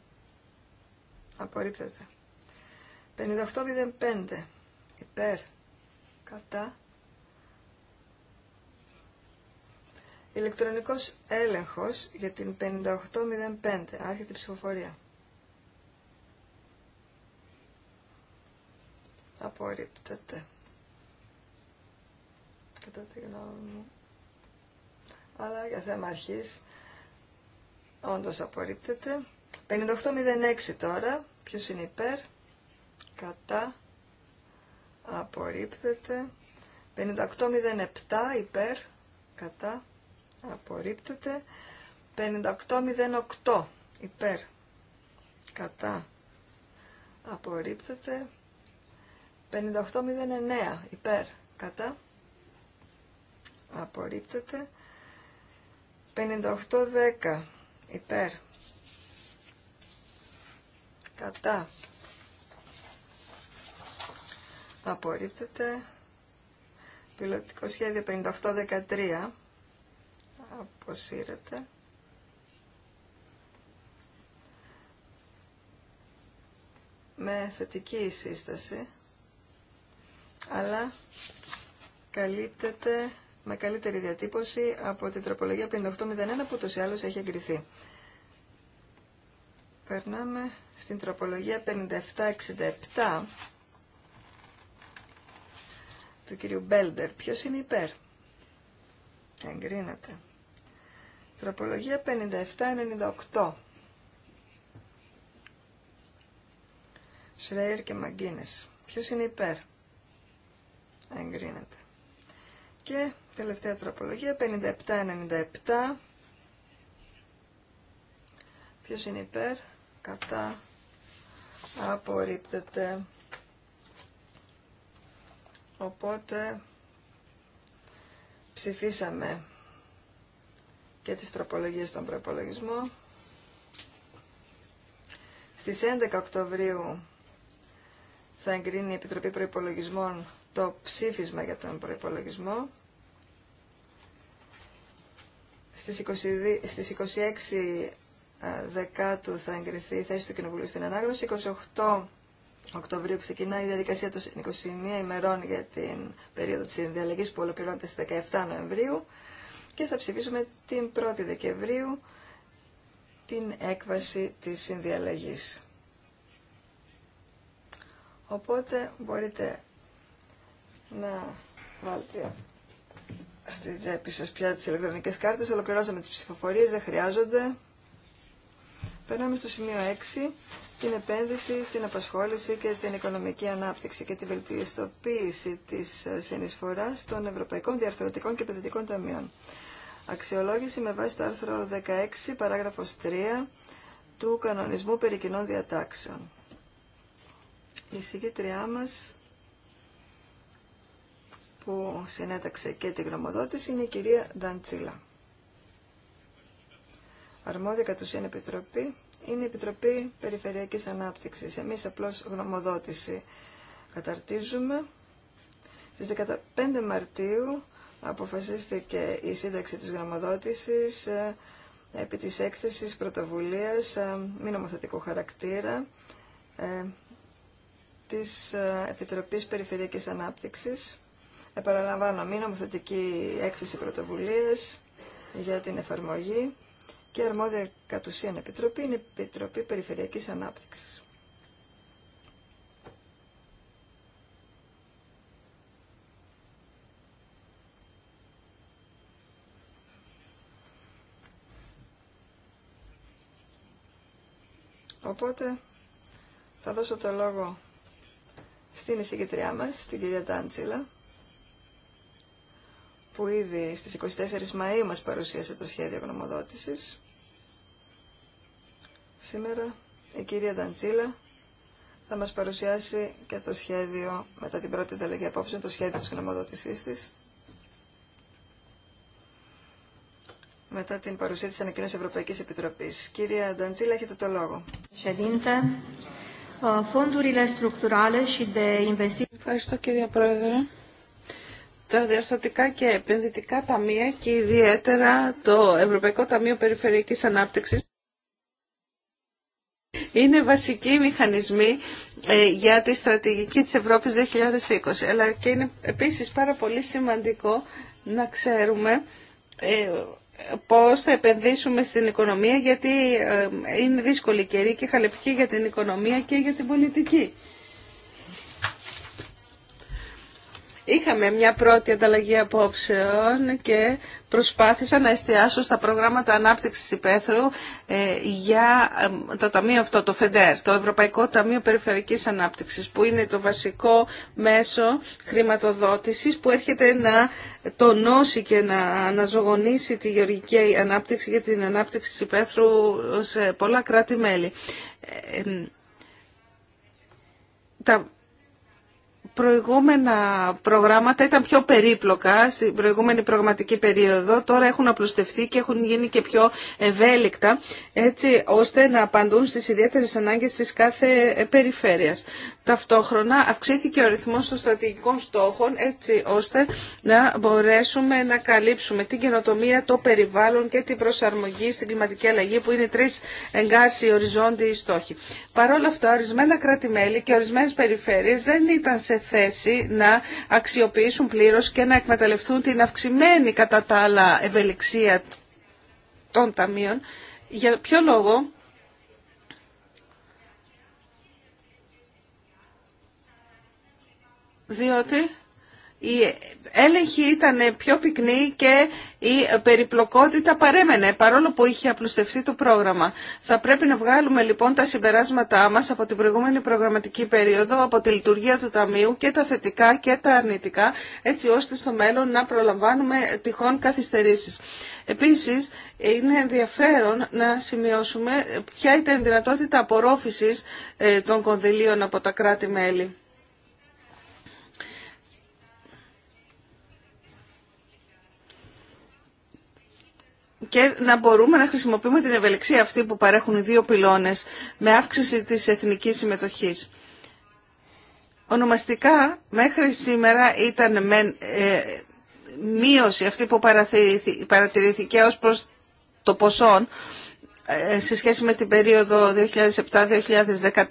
απορρίπτεται. 5805 υπέρ κατά Ηλεκτρονικός έλεγχος για την 5805. Άρχεται η ψηφοφορία. απορρίπτεται. Κατά τη γνώμη μου. Αλλά για θέμα αρχής, όντως απορρίπτεται. 58.06 τώρα, ποιος είναι υπέρ, κατά, απορρίπτεται. 58.07 υπέρ, κατά, απορρίπτεται. 58.08 υπέρ, κατά, απορρίπτεται. 5809 υπέρ κατά απορρίπτεται 5810 υπέρ κατά απορρίπτεται πιλωτικό σχέδιο 5813 αποσύρεται με θετική σύσταση αλλά καλύπτεται με καλύτερη διατύπωση από την τροπολογία 5801 που ούτως ή άλλως έχει εγκριθεί. Περνάμε στην τροπολογία 5767 του κυρίου Μπέλντερ. Ποιος είναι υπέρ. Εγκρίνεται. Τροπολογία 5798. Σρέιρ και Μαγκίνες. Ποιος είναι υπέρ εγκρίνεται. Και τελευταία τροπολογία, 57-97. Ποιος είναι υπέρ, κατά, απορρίπτεται. Οπότε ψηφίσαμε και τις τροπολογίες των προπολογισμό. Στις 11 Οκτωβρίου θα εγκρίνει η Επιτροπή Προϋπολογισμών το ψήφισμα για τον προϋπολογισμό. Στις, στις 26 ε, Δεκάτου θα εγκριθεί η θέση του Κοινοβουλίου στην ανάγνωση. 28 Οκτωβρίου ξεκινάει η διαδικασία των 21 ημερών για την περίοδο της συνδιαλλαγής που ολοκληρώνεται στις 17 Νοεμβρίου και θα ψηφίσουμε την 1η Δεκεμβρίου την έκβαση της συνδιαλλαγής. Οπότε μπορείτε να, βάλτε στη τσέπη σας πια τις ηλεκτρονικές κάρτες. Ολοκληρώσαμε τις ψηφοφορίες, δεν χρειάζονται. Περνάμε στο σημείο 6, την επένδυση στην απασχόληση και την οικονομική ανάπτυξη και την βελτιστοποίηση της ε, συνεισφοράς των Ευρωπαϊκών Διαρθρωτικών και Επενδυτικών Ταμείων. Αξιολόγηση με βάση το άρθρο 16, παράγραφος 3 του Κανονισμού Περί Κοινών Διατάξεων. Η συγκήτριά μας που συνέταξε και τη γνωμοδότηση είναι η κυρία Νταντσίλα. Αρμόδια κατ' ουσίαν επιτροπή είναι η Επιτροπή Περιφερειακής Ανάπτυξης. Εμείς απλώς γνωμοδότηση καταρτίζουμε. Στις 15 Μαρτίου αποφασίστηκε η σύνταξη της γνωμοδότησης ε, επί της έκθεσης πρωτοβουλίας ε, μη νομοθετικού χαρακτήρα ε, της Επιτροπής Περιφερειακής Ανάπτυξης Επαναλαμβάνω, μη νομοθετική έκθεση πρωτοβουλίες για την εφαρμογή και αρμόδια κατ' ουσίαν επιτροπή είναι Επιτροπή Περιφερειακής Ανάπτυξης. Οπότε θα δώσω το λόγο στην εισηγητριά μας, την κυρία Τάντσιλα, που ήδη στις 24 Μαΐου μας παρουσίασε το σχέδιο γνωμοδότησης. Σήμερα η κυρία Δαντσίλα θα μας παρουσιάσει και το σχέδιο, μετά την πρώτη ανταλλαγή απόψε, το σχέδιο της γνωμοδότησής της. Μετά την παρουσία της ανακοίνωσης Ευρωπαϊκής Επιτροπής. Κυρία Νταντσίλα, έχετε το λόγο. Uh, Ευχαριστώ κύριε Πρόεδρε τα διαστατικά και επενδυτικά ταμεία και ιδιαίτερα το Ευρωπαϊκό Ταμείο Περιφερειακής Ανάπτυξης είναι βασικοί μηχανισμοί ε, για τη στρατηγική της Ευρώπης 2020. Αλλά και είναι επίσης πάρα πολύ σημαντικό να ξέρουμε ε, πώς θα επενδύσουμε στην οικονομία γιατί ε, είναι δύσκολη καιρή και χαλεπική για την οικονομία και για την πολιτική. Είχαμε μια πρώτη ανταλλαγή απόψεων και προσπάθησα να εστιάσω στα προγράμματα ανάπτυξης υπαίθρου ε, για ε, το ταμείο αυτό, το ΦΕΝΤΕΡ, το Ευρωπαϊκό Ταμείο Περιφερειακής Ανάπτυξης, που είναι το βασικό μέσο χρηματοδότησης που έρχεται να τονώσει και να αναζωογονήσει τη γεωργική ανάπτυξη για την ανάπτυξη της υπαίθρου σε πολλά κράτη-μέλη. Ε, προηγούμενα προγράμματα ήταν πιο περίπλοκα στην προηγούμενη προγραμματική περίοδο. Τώρα έχουν απλουστευτεί και έχουν γίνει και πιο ευέλικτα έτσι ώστε να απαντούν στις ιδιαίτερες ανάγκες της κάθε περιφέρειας. Ταυτόχρονα αυξήθηκε ο ρυθμός των στρατηγικών στόχων έτσι ώστε να μπορέσουμε να καλύψουμε την καινοτομία, το περιβάλλον και την προσαρμογή στην κλιματική αλλαγή που είναι τρεις εγκάρσιοι οριζόντιοι στόχοι. στόχοι. αυτα αυτά ορισμένα κράτη-μέλη και ορισμένες περιφέρειες δεν ήταν σε θέση να αξιοποιήσουν πλήρως και να εκμεταλλευτούν την αυξημένη κατά τα άλλα ευελιξία των ταμείων. Για ποιο λόγο διότι η έλεγχη ήταν πιο πυκνή και η περιπλοκότητα παρέμενε, παρόλο που είχε απλουστευτεί το πρόγραμμα. Θα πρέπει να βγάλουμε λοιπόν τα συμπεράσματά μας από την προηγούμενη προγραμματική περίοδο, από τη λειτουργία του Ταμείου και τα θετικά και τα αρνητικά, έτσι ώστε στο μέλλον να προλαμβάνουμε τυχόν καθυστερήσεις. Επίσης, είναι ενδιαφέρον να σημειώσουμε ποια ήταν η δυνατότητα απορρόφησης ε, των κονδυλίων από τα κράτη-μέλη. και να μπορούμε να χρησιμοποιούμε την ευελιξία αυτή που παρέχουν οι δύο πυλώνες με αύξηση της εθνικής συμμετοχής. Ονομαστικά μέχρι σήμερα ήταν με, ε, μείωση αυτή που παρατηρήθηκε ως προς το ποσό ε, σε σχέση με την περίοδο 2007-2014,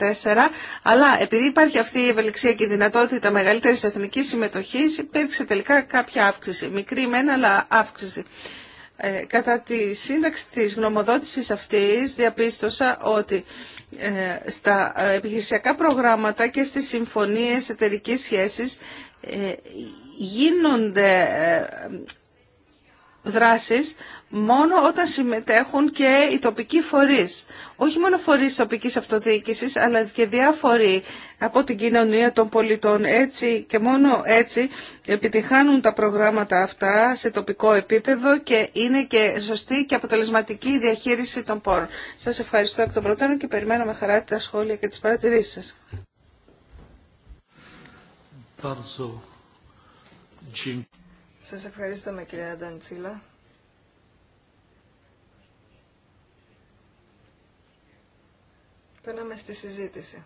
αλλά επειδή υπάρχει αυτή η ευελιξία και η δυνατότητα μεγαλύτερης εθνικής συμμετοχής, υπήρξε τελικά κάποια αύξηση. Μικρή μεν, αλλά αύξηση. Ε, κατά τη σύνταξη της γνωμοδότησης αυτής διαπίστωσα ότι ε, στα ε, επιχειρησιακά προγράμματα και στις συμφωνίες εταιρικής σχέσης γίνονται δράσεις μόνο όταν συμμετέχουν και οι τοπικοί φορείς. Όχι μόνο φορείς τοπικής αυτοδιοίκησης, αλλά και διάφοροι από την κοινωνία των πολιτών. Έτσι και μόνο έτσι επιτυχάνουν τα προγράμματα αυτά σε τοπικό επίπεδο και είναι και σωστή και αποτελεσματική η διαχείριση των πόρων. Σας ευχαριστώ εκ των προτέρων και περιμένω με χαρά τα σχόλια και τις παρατηρήσεις σας. Σας ευχαριστούμε κυρία Νταντσίλα. στη συζήτηση.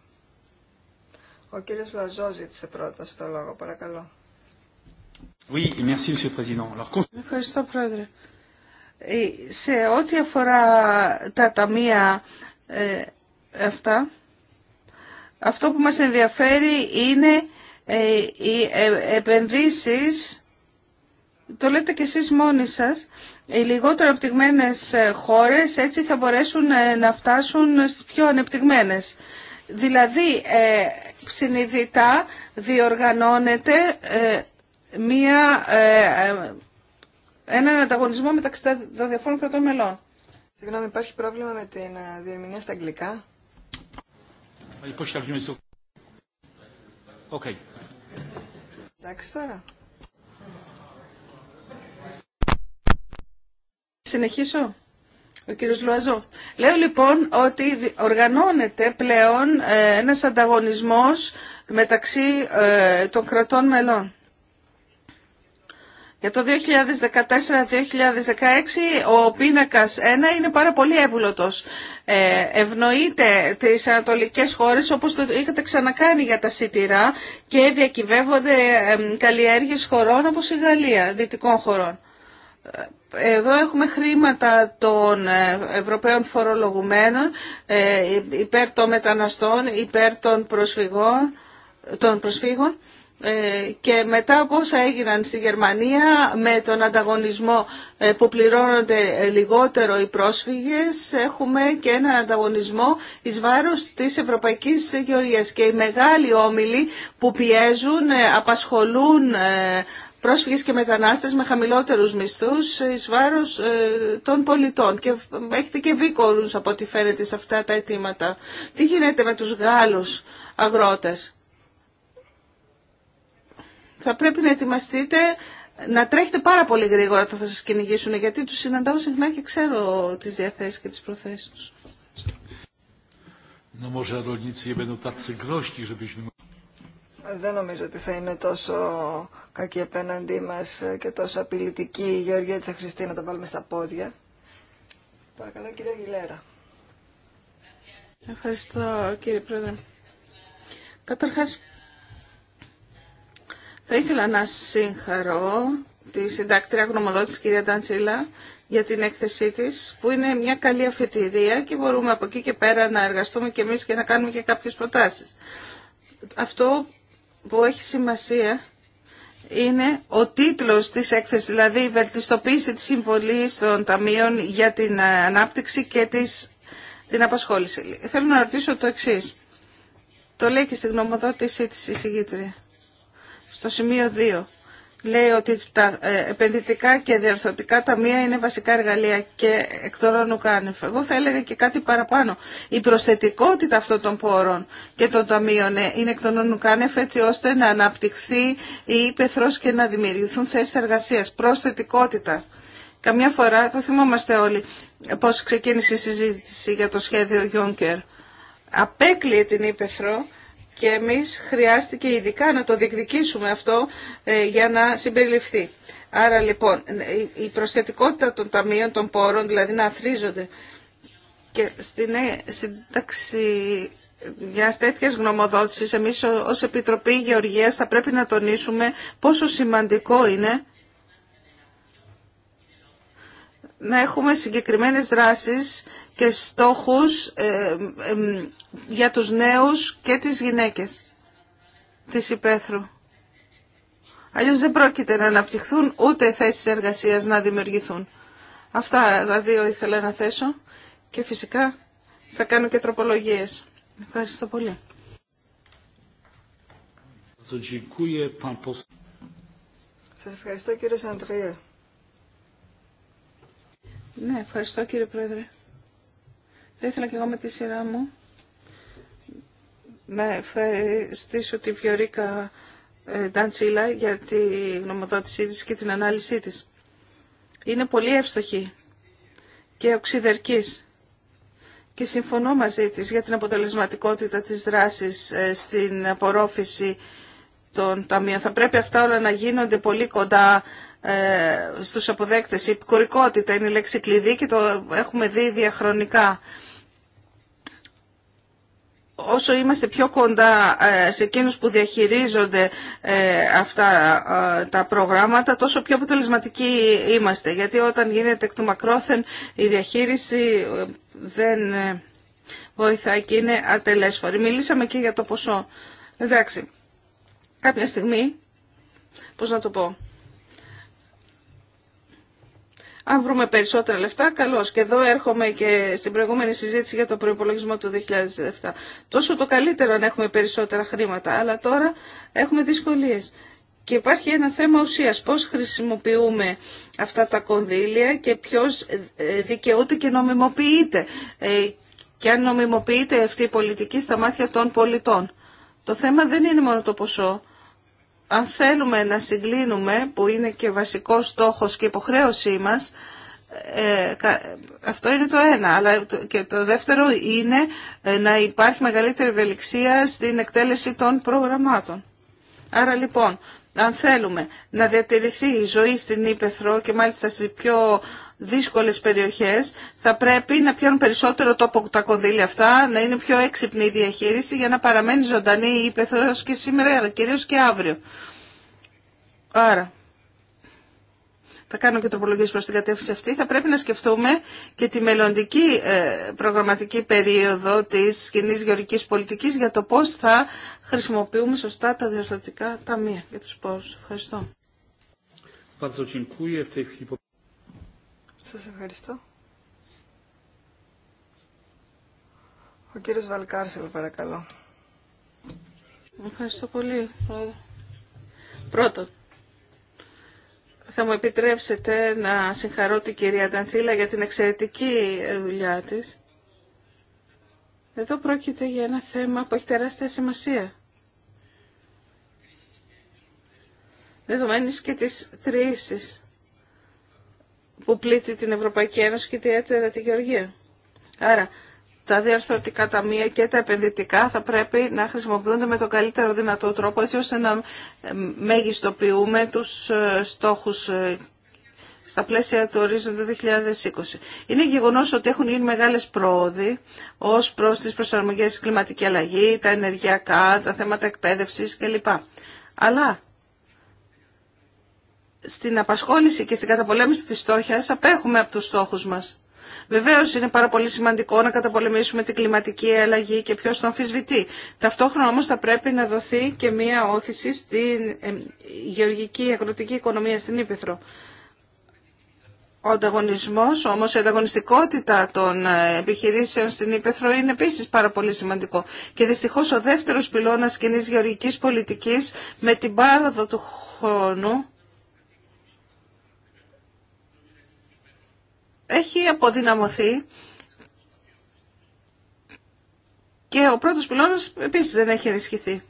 Ο κύριος Λαζό ζήτησε πρώτα στο λόγο, παρακαλώ. Oui, Ευχαριστώ, Πρόεδρε. Ε, σε ό,τι αφορά τα ταμεία ε, αυτά, αυτό που μας ενδιαφέρει είναι ε, οι ε, επενδύσεις, το λέτε κι εσείς μόνοι σας, οι λιγότερο ανεπτυγμένες ε, χώρες έτσι θα μπορέσουν ε, να φτάσουν στις πιο ανεπτυγμένες. Δηλαδή, ε, συνειδητά διοργανώνεται μία, έναν ανταγωνισμό μεταξύ των διαφόρων κρατών μελών. Συγγνώμη, υπάρχει πρόβλημα με την διερμηνία στα αγγλικά. Okay. Εντάξει τώρα. Συνεχίσω. Ο κύριος Λουαζό. Λέω λοιπόν ότι οργανώνεται πλέον ε, ένας ανταγωνισμός μεταξύ ε, των κρατών μελών. Για το 2014-2016 ο πίνακας 1 είναι πάρα πολύ εύγλωτος. Ε, ευνοείται τις ανατολικές χώρες όπως το είχατε ξανακάνει για τα σιτηρά και διακυβεύονται καλλιέργειες χωρών όπως η Γαλλία, δυτικών χωρών. Εδώ έχουμε χρήματα των ε, Ευρωπαίων φορολογουμένων ε, υπέρ των μεταναστών, υπέρ των προσφυγών, των προσφύγων ε, και μετά από όσα έγιναν στη Γερμανία με τον ανταγωνισμό που πληρώνονται λιγότερο οι πρόσφυγες έχουμε και έναν ανταγωνισμό εις βάρος της Ευρωπαϊκής Γεωργίας και οι μεγάλοι όμιλοι που πιέζουν, απασχολούν πρόσφυγες και μετανάστες με χαμηλότερους μισθούς εις βάρος ε, των πολιτών. Και έχετε και βίκορους από ό,τι φαίνεται σε αυτά τα αιτήματα. Τι γίνεται με τους Γάλλους αγρότες. Θα πρέπει να ετοιμαστείτε να τρέχετε πάρα πολύ γρήγορα όταν θα σας κυνηγήσουν, γιατί τους συναντάω συχνά και ξέρω τις διαθέσεις και τις προθέσεις τους δεν νομίζω ότι θα είναι τόσο κακή απέναντί μας και τόσο απειλητική η Γεωργία τη Χριστή να τα βάλουμε στα πόδια. Παρακαλώ κυρία Γιλέρα. Ευχαριστώ κύριε Πρόεδρε. Καταρχάς θα ήθελα να συγχαρώ τη συντάκτρια γνωμοδότης κυρία Τάντσιλα για την έκθεσή της που είναι μια καλή αφετηρία και μπορούμε από εκεί και πέρα να εργαστούμε και εμείς και να κάνουμε και κάποιες προτάσεις. Αυτό που έχει σημασία είναι ο τίτλος της έκθεσης, δηλαδή η βελτιστοποίηση της συμβολής των ταμείων για την ε, ανάπτυξη και της, την απασχόληση. Θέλω να ρωτήσω το εξή. Το λέει και στη γνωμοδότησή της η Στο σημείο 2 λέει ότι τα ε, επενδυτικά και διαρθρωτικά ταμεία είναι βασικά εργαλεία και εκ των όνου Εγώ θα έλεγα και κάτι παραπάνω. Η προσθετικότητα αυτών των πόρων και των ταμείων ε, είναι εκ των όνου έτσι ώστε να αναπτυχθεί η υπεθρός και να δημιουργηθούν θέσεις εργασίας. Προσθετικότητα. Καμιά φορά, το θυμόμαστε όλοι, πώς ξεκίνησε η συζήτηση για το σχέδιο Juncker. Απέκλειε την ύπεθρο και εμείς χρειάστηκε ειδικά να το διεκδικήσουμε αυτό ε, για να συμπεριληφθεί. Άρα λοιπόν η προσθετικότητα των ταμείων των πόρων, δηλαδή να αθρίζονται και στην ε, σύνταξη μια τέτοια γνωμοδότηση, εμεί ω Επιτροπή Γεωργία θα πρέπει να τονίσουμε πόσο σημαντικό είναι να έχουμε συγκεκριμένες δράσεις και στόχους ε, ε, για τους νέους και τις γυναίκες της υπαίθρου. Αλλιώς δεν πρόκειται να αναπτυχθούν ούτε θέσεις εργασίας να δημιουργηθούν. Αυτά τα δύο ήθελα να θέσω και φυσικά θα κάνω και τροπολογίες. Ευχαριστώ πολύ. Σας ευχαριστώ κύριε Σαντρία. Ναι, ευχαριστώ κύριε Πρόεδρε. Θα ήθελα και εγώ με τη σειρά μου να ευχαριστήσω τη Βιωρίκα ε, Νταντσίλα για τη γνωμοδότησή της και την ανάλυση της. Είναι πολύ εύστοχη και οξυδερκής και συμφωνώ μαζί της για την αποτελεσματικότητα της δράσης ε, στην απορρόφηση των ταμείων. Θα πρέπει αυτά όλα να γίνονται πολύ κοντά ε, στους αποδέκτες. Η επικορικότητα είναι η λέξη κλειδί και το έχουμε δει διαχρονικά. Όσο είμαστε πιο κοντά ε, σε εκείνους που διαχειρίζονται ε, αυτά τα προγράμματα, τόσο πιο αποτελεσματικοί είμαστε. Γιατί όταν γίνεται εκ του μακρόθεν η διαχείριση δεν βοηθάει και είναι ατελέσφορη. Μιλήσαμε και για το ποσό. Εντάξει, κάποια στιγμή, πώς να το πω, αν βρούμε περισσότερα λεφτά, καλώ. Και εδώ έρχομαι και στην προηγούμενη συζήτηση για το προπολογισμό του 2017. Τόσο το καλύτερο αν έχουμε περισσότερα χρήματα, αλλά τώρα έχουμε δυσκολίε. Και υπάρχει ένα θέμα ουσίας, πώς χρησιμοποιούμε αυτά τα κονδύλια και ποιος ε, δικαιούται και νομιμοποιείται ε, και αν νομιμοποιείται αυτή η πολιτική στα μάτια των πολιτών. Το θέμα δεν είναι μόνο το ποσό, αν θέλουμε να συγκλίνουμε, που είναι και βασικός στόχος και υποχρέωσή μας, ε, αυτό είναι το ένα. Αλλά και το δεύτερο είναι ε, να υπάρχει μεγαλύτερη ευελιξία στην εκτέλεση των προγραμμάτων. Άρα λοιπόν, αν θέλουμε να διατηρηθεί η ζωή στην Ήπεθρο και μάλιστα στις πιο δύσκολες περιοχές, θα πρέπει να πιάνουν περισσότερο τόπο τα κονδύλια αυτά, να είναι πιο έξυπνη η διαχείριση για να παραμένει ζωντανή η Ήπεθρος και σήμερα, κυρίως και αύριο. Άρα, θα κάνω και τροπολογίες προς την κατεύθυνση αυτή, θα πρέπει να σκεφτούμε και τη μελλοντική ε, προγραμματική περίοδο της κοινή γεωργικής πολιτικής για το πώς θα χρησιμοποιούμε σωστά τα διαστατικά ταμεία για τους πόρους. Ευχαριστώ. Σας ευχαριστώ. Ο κύριος Βαλκάρσελ, παρακαλώ. Ευχαριστώ πολύ, Πρώτο θα μου επιτρέψετε να συγχαρώ την κυρία Τανθήλα για την εξαιρετική ε, δουλειά της. Εδώ πρόκειται για ένα θέμα που έχει τεράστια σημασία. Δεδομένης και της κρίσης που πλήττει την Ευρωπαϊκή Ένωση και ιδιαίτερα τη Γεωργία. Άρα τα διαρθρωτικά ταμεία και τα επενδυτικά θα πρέπει να χρησιμοποιούνται με τον καλύτερο δυνατό τρόπο έτσι ώστε να μεγιστοποιούμε τους ε, στόχους ε, στα πλαίσια του ορίζοντα 2020. Είναι γεγονός ότι έχουν γίνει μεγάλες πρόοδοι ως προς τις προσαρμογές στη κλιματική αλλαγή, τα ενεργειακά, τα θέματα εκπαίδευσης κλπ. Αλλά στην απασχόληση και στην καταπολέμηση της στόχιας απέχουμε από τους στόχους μας. Βεβαίω είναι πάρα πολύ σημαντικό να καταπολεμήσουμε την κλιματική αλλαγή και ποιο τον αμφισβητεί. Ταυτόχρονα όμως θα πρέπει να δοθεί και μία όθηση στην γεωργική αγροτική οικονομία στην Ήπεθρο. Ο ανταγωνισμός, όμως η ανταγωνιστικότητα των ε, επιχειρήσεων στην Ήπεθρο είναι επίση πάρα πολύ σημαντικό. Και δυστυχώ ο δεύτερο πυλώνας κοινή γεωργική πολιτική με την πάροδο του χρόνου έχει αποδυναμωθεί και ο πρώτος πυλώνας επίσης δεν έχει ενισχυθεί.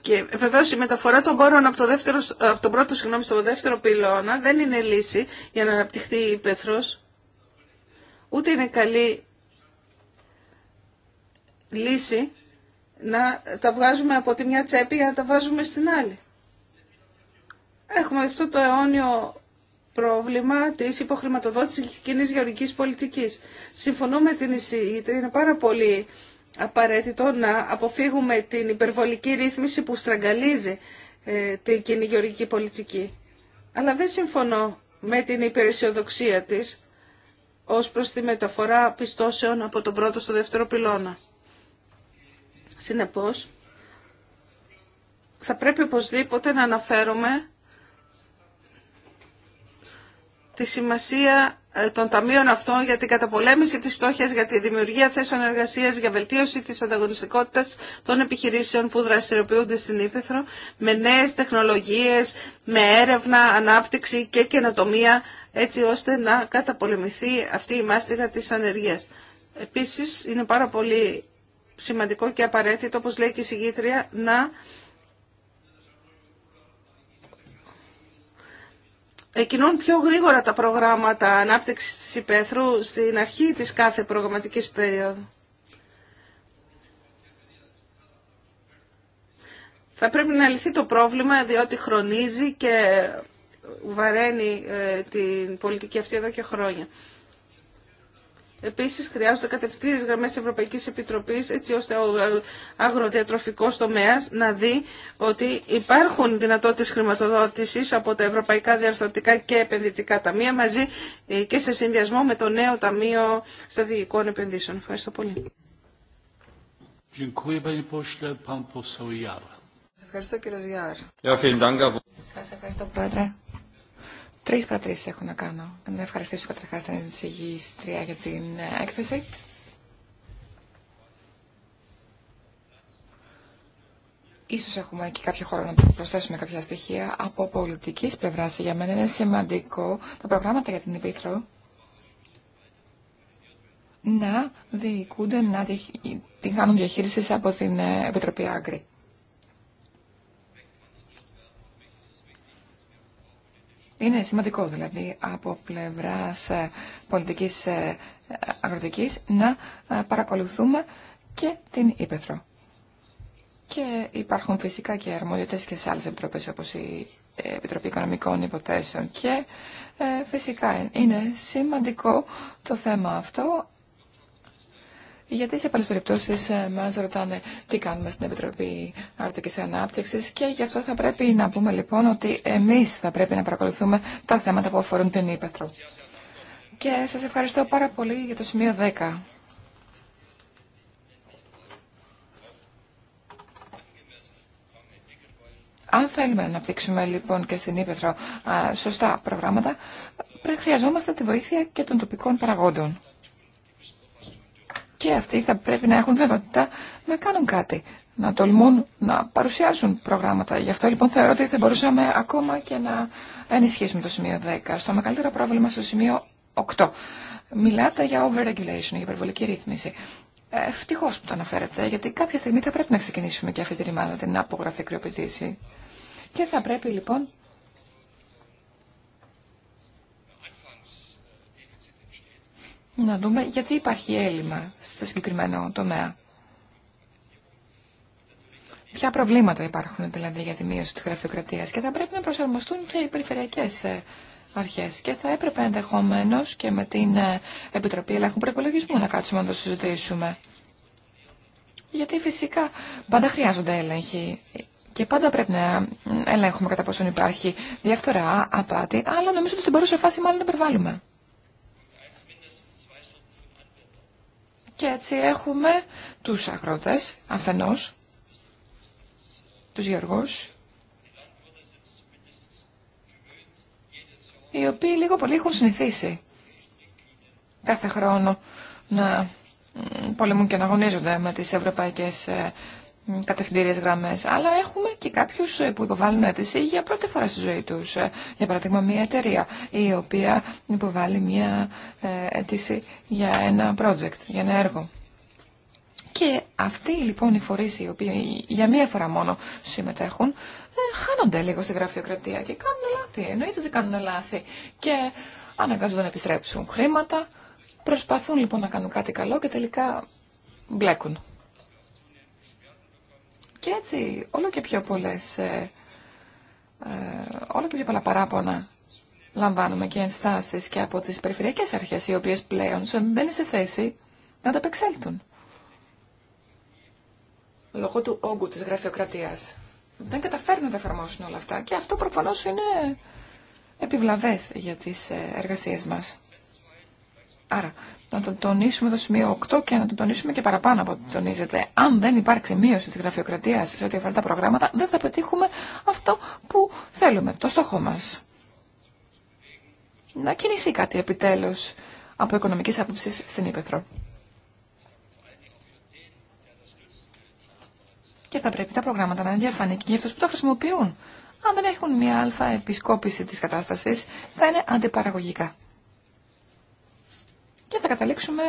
Και βεβαίω η μεταφορά των πόρων από, το δεύτερο, από τον πρώτο συγγνώμη, στο δεύτερο πυλώνα δεν είναι λύση για να αναπτυχθεί η πεθρός Ούτε είναι καλή λύση να τα βγάζουμε από τη μια τσέπη για να τα βάζουμε στην άλλη. Έχουμε αυτό το αιώνιο πρόβλημα της υποχρηματοδότησης κοινή γεωργική πολιτική. Συμφωνώ με την εισηγήτρια, είναι πάρα πολύ απαραίτητο να αποφύγουμε την υπερβολική ρύθμιση που στραγγαλίζει ε, την κοινή γεωργική πολιτική. Αλλά δεν συμφωνώ με την υπεραισιοδοξία της ως προς τη μεταφορά πιστώσεων από τον πρώτο στο δεύτερο πυλώνα. Συνεπώ θα πρέπει οπωσδήποτε να αναφέρουμε τη σημασία ε, των ταμείων αυτών για την καταπολέμηση της φτώχειας, για τη δημιουργία θέσεων εργασίας, για βελτίωση της ανταγωνιστικότητας των επιχειρήσεων που δραστηριοποιούνται στην Ήπεθρο, με νέες τεχνολογίες, με έρευνα, ανάπτυξη και καινοτομία, έτσι ώστε να καταπολεμηθεί αυτή η μάστιγα της ανεργίας. Επίσης, είναι πάρα πολύ σημαντικό και απαραίτητο, όπως λέει και η συγγήτρια, να Εκκινούν πιο γρήγορα τα προγράμματα ανάπτυξης της υπαίθρου στην αρχή της κάθε προγραμματικής περίοδου. Θα πρέπει να λυθεί το πρόβλημα διότι χρονίζει και βαραίνει ε, την πολιτική αυτή εδώ και χρόνια. Επίσης χρειάζονται κατευθύνες γραμμές Ευρωπαϊκής Επιτροπής έτσι ώστε ο αγροδιατροφικός τομέας να δει ότι υπάρχουν δυνατότητες χρηματοδότησης από τα Ευρωπαϊκά Διαρθρωτικά και Επενδυτικά Ταμεία μαζί ε, και σε συνδυασμό με το νέο Ταμείο Στρατηγικών Επενδύσεων. Ευχαριστώ πολύ. Τρει παρατηρήσει έχω να κάνω. Να ευχαριστήσω καταρχά την εισηγήστρια για την έκθεση. Ίσως έχουμε εκεί κάποιο χώρο να προσθέσουμε κάποια στοιχεία. Από πολιτική πλευράς για μένα είναι σημαντικό τα προγράμματα για την Επίτρο να διοικούνται, να την κάνουν διαχείριση από την Επιτροπή Άγκρη. Είναι σημαντικό δηλαδή από πλευράς ε, πολιτικής ε, αγροτικής να ε, παρακολουθούμε και την Ήπεθρο. Και υπάρχουν φυσικά και αρμοδιότητες και σε άλλες επιτροπέ, όπω η Επιτροπή Οικονομικών Υποθέσεων και φυσικά είναι σημαντικό το θέμα αυτό γιατί σε πολλέ περιπτώσει ε, μα ρωτάνε τι κάνουμε στην Επιτροπή Αρτική Ανάπτυξη και γι' αυτό θα πρέπει να πούμε λοιπόν ότι εμεί θα πρέπει να παρακολουθούμε τα θέματα που αφορούν την Ήπεθρο. Και σα ευχαριστώ πάρα πολύ για το σημείο 10. Αν θέλουμε να αναπτύξουμε λοιπόν και στην Ήπεθρο σωστά προγράμματα, χρειαζόμαστε τη βοήθεια και των τοπικών παραγόντων και αυτοί θα πρέπει να έχουν δυνατότητα να κάνουν κάτι, να τολμούν να παρουσιάσουν προγράμματα. Γι' αυτό λοιπόν θεωρώ ότι θα μπορούσαμε ακόμα και να ενισχύσουμε το σημείο 10. Στο μεγαλύτερο πρόβλημα στο σημείο 8. Μιλάτε για over-regulation, για υπερβολική ρύθμιση. Ε, Ευτυχώ που το αναφέρετε, γιατί κάποια στιγμή θα πρέπει να ξεκινήσουμε και αυτή τη ρημάδα την απογραφή κρυοποιητήση. Και θα πρέπει λοιπόν να δούμε γιατί υπάρχει έλλειμμα σε συγκεκριμένο τομέα. Ποια προβλήματα υπάρχουν δηλαδή για τη μείωση της γραφειοκρατίας και θα πρέπει να προσαρμοστούν και οι περιφερειακές ε, αρχές και θα έπρεπε ενδεχομένω και με την ε, Επιτροπή Ελέγχου Προπολογισμού να κάτσουμε να το συζητήσουμε. Γιατί φυσικά πάντα χρειάζονται έλεγχοι και πάντα πρέπει να ελέγχουμε κατά πόσον υπάρχει διαφθορά, απάτη, αλλά νομίζω ότι στην παρούσα φάση μάλλον περιβάλλουμε. Και έτσι έχουμε τους αγρότες αφενός, τους γεωργούς, οι οποίοι λίγο πολύ έχουν συνηθίσει κάθε χρόνο να πολεμούν και να αγωνίζονται με τις ευρωπαϊκές ε, κατευθυντήριε γραμμέ, αλλά έχουμε και κάποιου ε, που υποβάλλουν αίτηση για πρώτη φορά στη ζωή του. Ε, για παράδειγμα, μια εταιρεία η οποία υποβάλλει μια ε, αίτηση για ένα project, για ένα έργο. Και αυτοί λοιπόν οι φορέί οι οποίοι για μία φορά μόνο συμμετέχουν χάνονται λίγο στη γραφειοκρατία και κάνουν λάθη. Εννοείται ότι κάνουν λάθη και αναγκάζονται να επιστρέψουν χρήματα. Προσπαθούν λοιπόν να κάνουν κάτι καλό και τελικά μπλέκουν. Και έτσι όλο και πιο πολλές, ε, ε, όλο και πιο πολλά παράπονα λαμβάνουμε και ενστάσεις και από τις περιφερειακές αρχές, οι οποίες πλέον δεν είναι σε θέση να τα επεξέλθουν. Λόγω του όγκου της γραφειοκρατίας. Δεν καταφέρνουν να εφαρμόσουν όλα αυτά και αυτό προφανώς είναι επιβλαβές για τις ε, εργασίες μας. Άρα, να το τονίσουμε το σημείο 8 και να το τονίσουμε και παραπάνω από ό,τι τονίζεται. Αν δεν υπάρξει μείωση τη γραφειοκρατία σε ό,τι αφορά τα προγράμματα, δεν θα πετύχουμε αυτό που θέλουμε, το στόχο μα. Να κινηθεί κάτι επιτέλου από οικονομική άποψη στην Ήπεθρο. Και θα πρέπει τα προγράμματα να είναι διαφανή και για αυτού που τα χρησιμοποιούν. Αν δεν έχουν μια αλφα επισκόπηση τη κατάσταση, θα είναι αντιπαραγωγικά και θα καταλήξουμε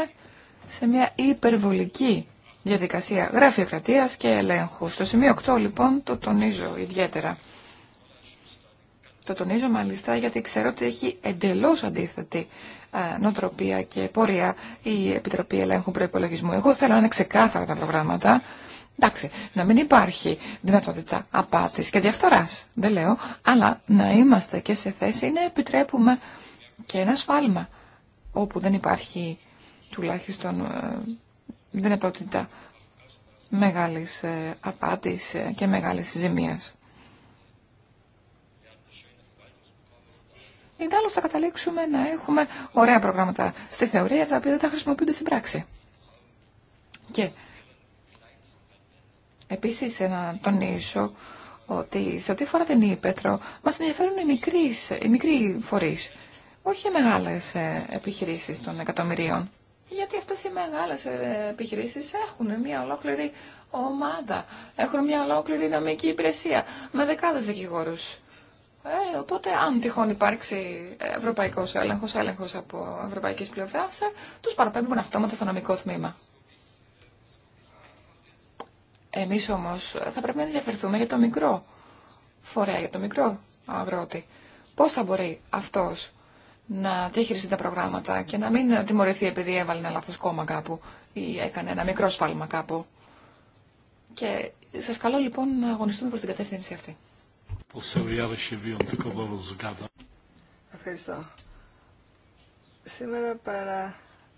σε μια υπερβολική διαδικασία γραφειοκρατίας και ελέγχου. Στο σημείο 8 λοιπόν το τονίζω ιδιαίτερα. Το τονίζω μάλιστα γιατί ξέρω ότι έχει εντελώς αντίθετη ε, νότροπια και πορεία η Επιτροπή Ελέγχου Προϋπολογισμού. Εγώ θέλω να είναι ξεκάθαρα τα προγράμματα. Εντάξει, να μην υπάρχει δυνατότητα απάτης και διαφθοράς, δεν λέω, αλλά να είμαστε και σε θέση να επιτρέπουμε και ένα σφάλμα όπου δεν υπάρχει τουλάχιστον ε, δυνατότητα μεγάλης ε, απάτης ε, και μεγάλης ζημίας. Ιδάλλω θα καταλήξουμε να έχουμε ωραία προγράμματα στη θεωρία, τα οποία δεν θα χρησιμοποιούνται στην πράξη. Και επίσης να τονίσω ότι σε ό,τι αφορά την Ήπετρο, μας ενδιαφέρουν οι, μικροί, οι μικροί φορείς όχι μεγάλες ε, επιχειρήσεις των εκατομμυρίων. Γιατί αυτές οι μεγάλες ε, επιχειρήσεις έχουν μια ολόκληρη ομάδα, έχουν μια ολόκληρη νομική υπηρεσία με δεκάδες δικηγόρους. Ε, οπότε αν τυχόν υπάρξει ευρωπαϊκός έλεγχος, έλεγχος από ευρωπαϊκής πλευράς, ε, τους παραπέμπουν αυτόματα στο νομικό τμήμα. Εμείς όμως θα πρέπει να ενδιαφερθούμε για το μικρό φορέα, για το μικρό αγρότη. Πώς θα μπορεί αυτός να διαχειριστεί τα προγράμματα και να μην τιμωρηθεί επειδή έβαλε ένα λάθος κόμμα κάπου ή έκανε ένα μικρό σφάλμα κάπου. Και σας καλώ λοιπόν να αγωνιστούμε προς την κατεύθυνση αυτή. Ευχαριστώ. Σήμερα παρά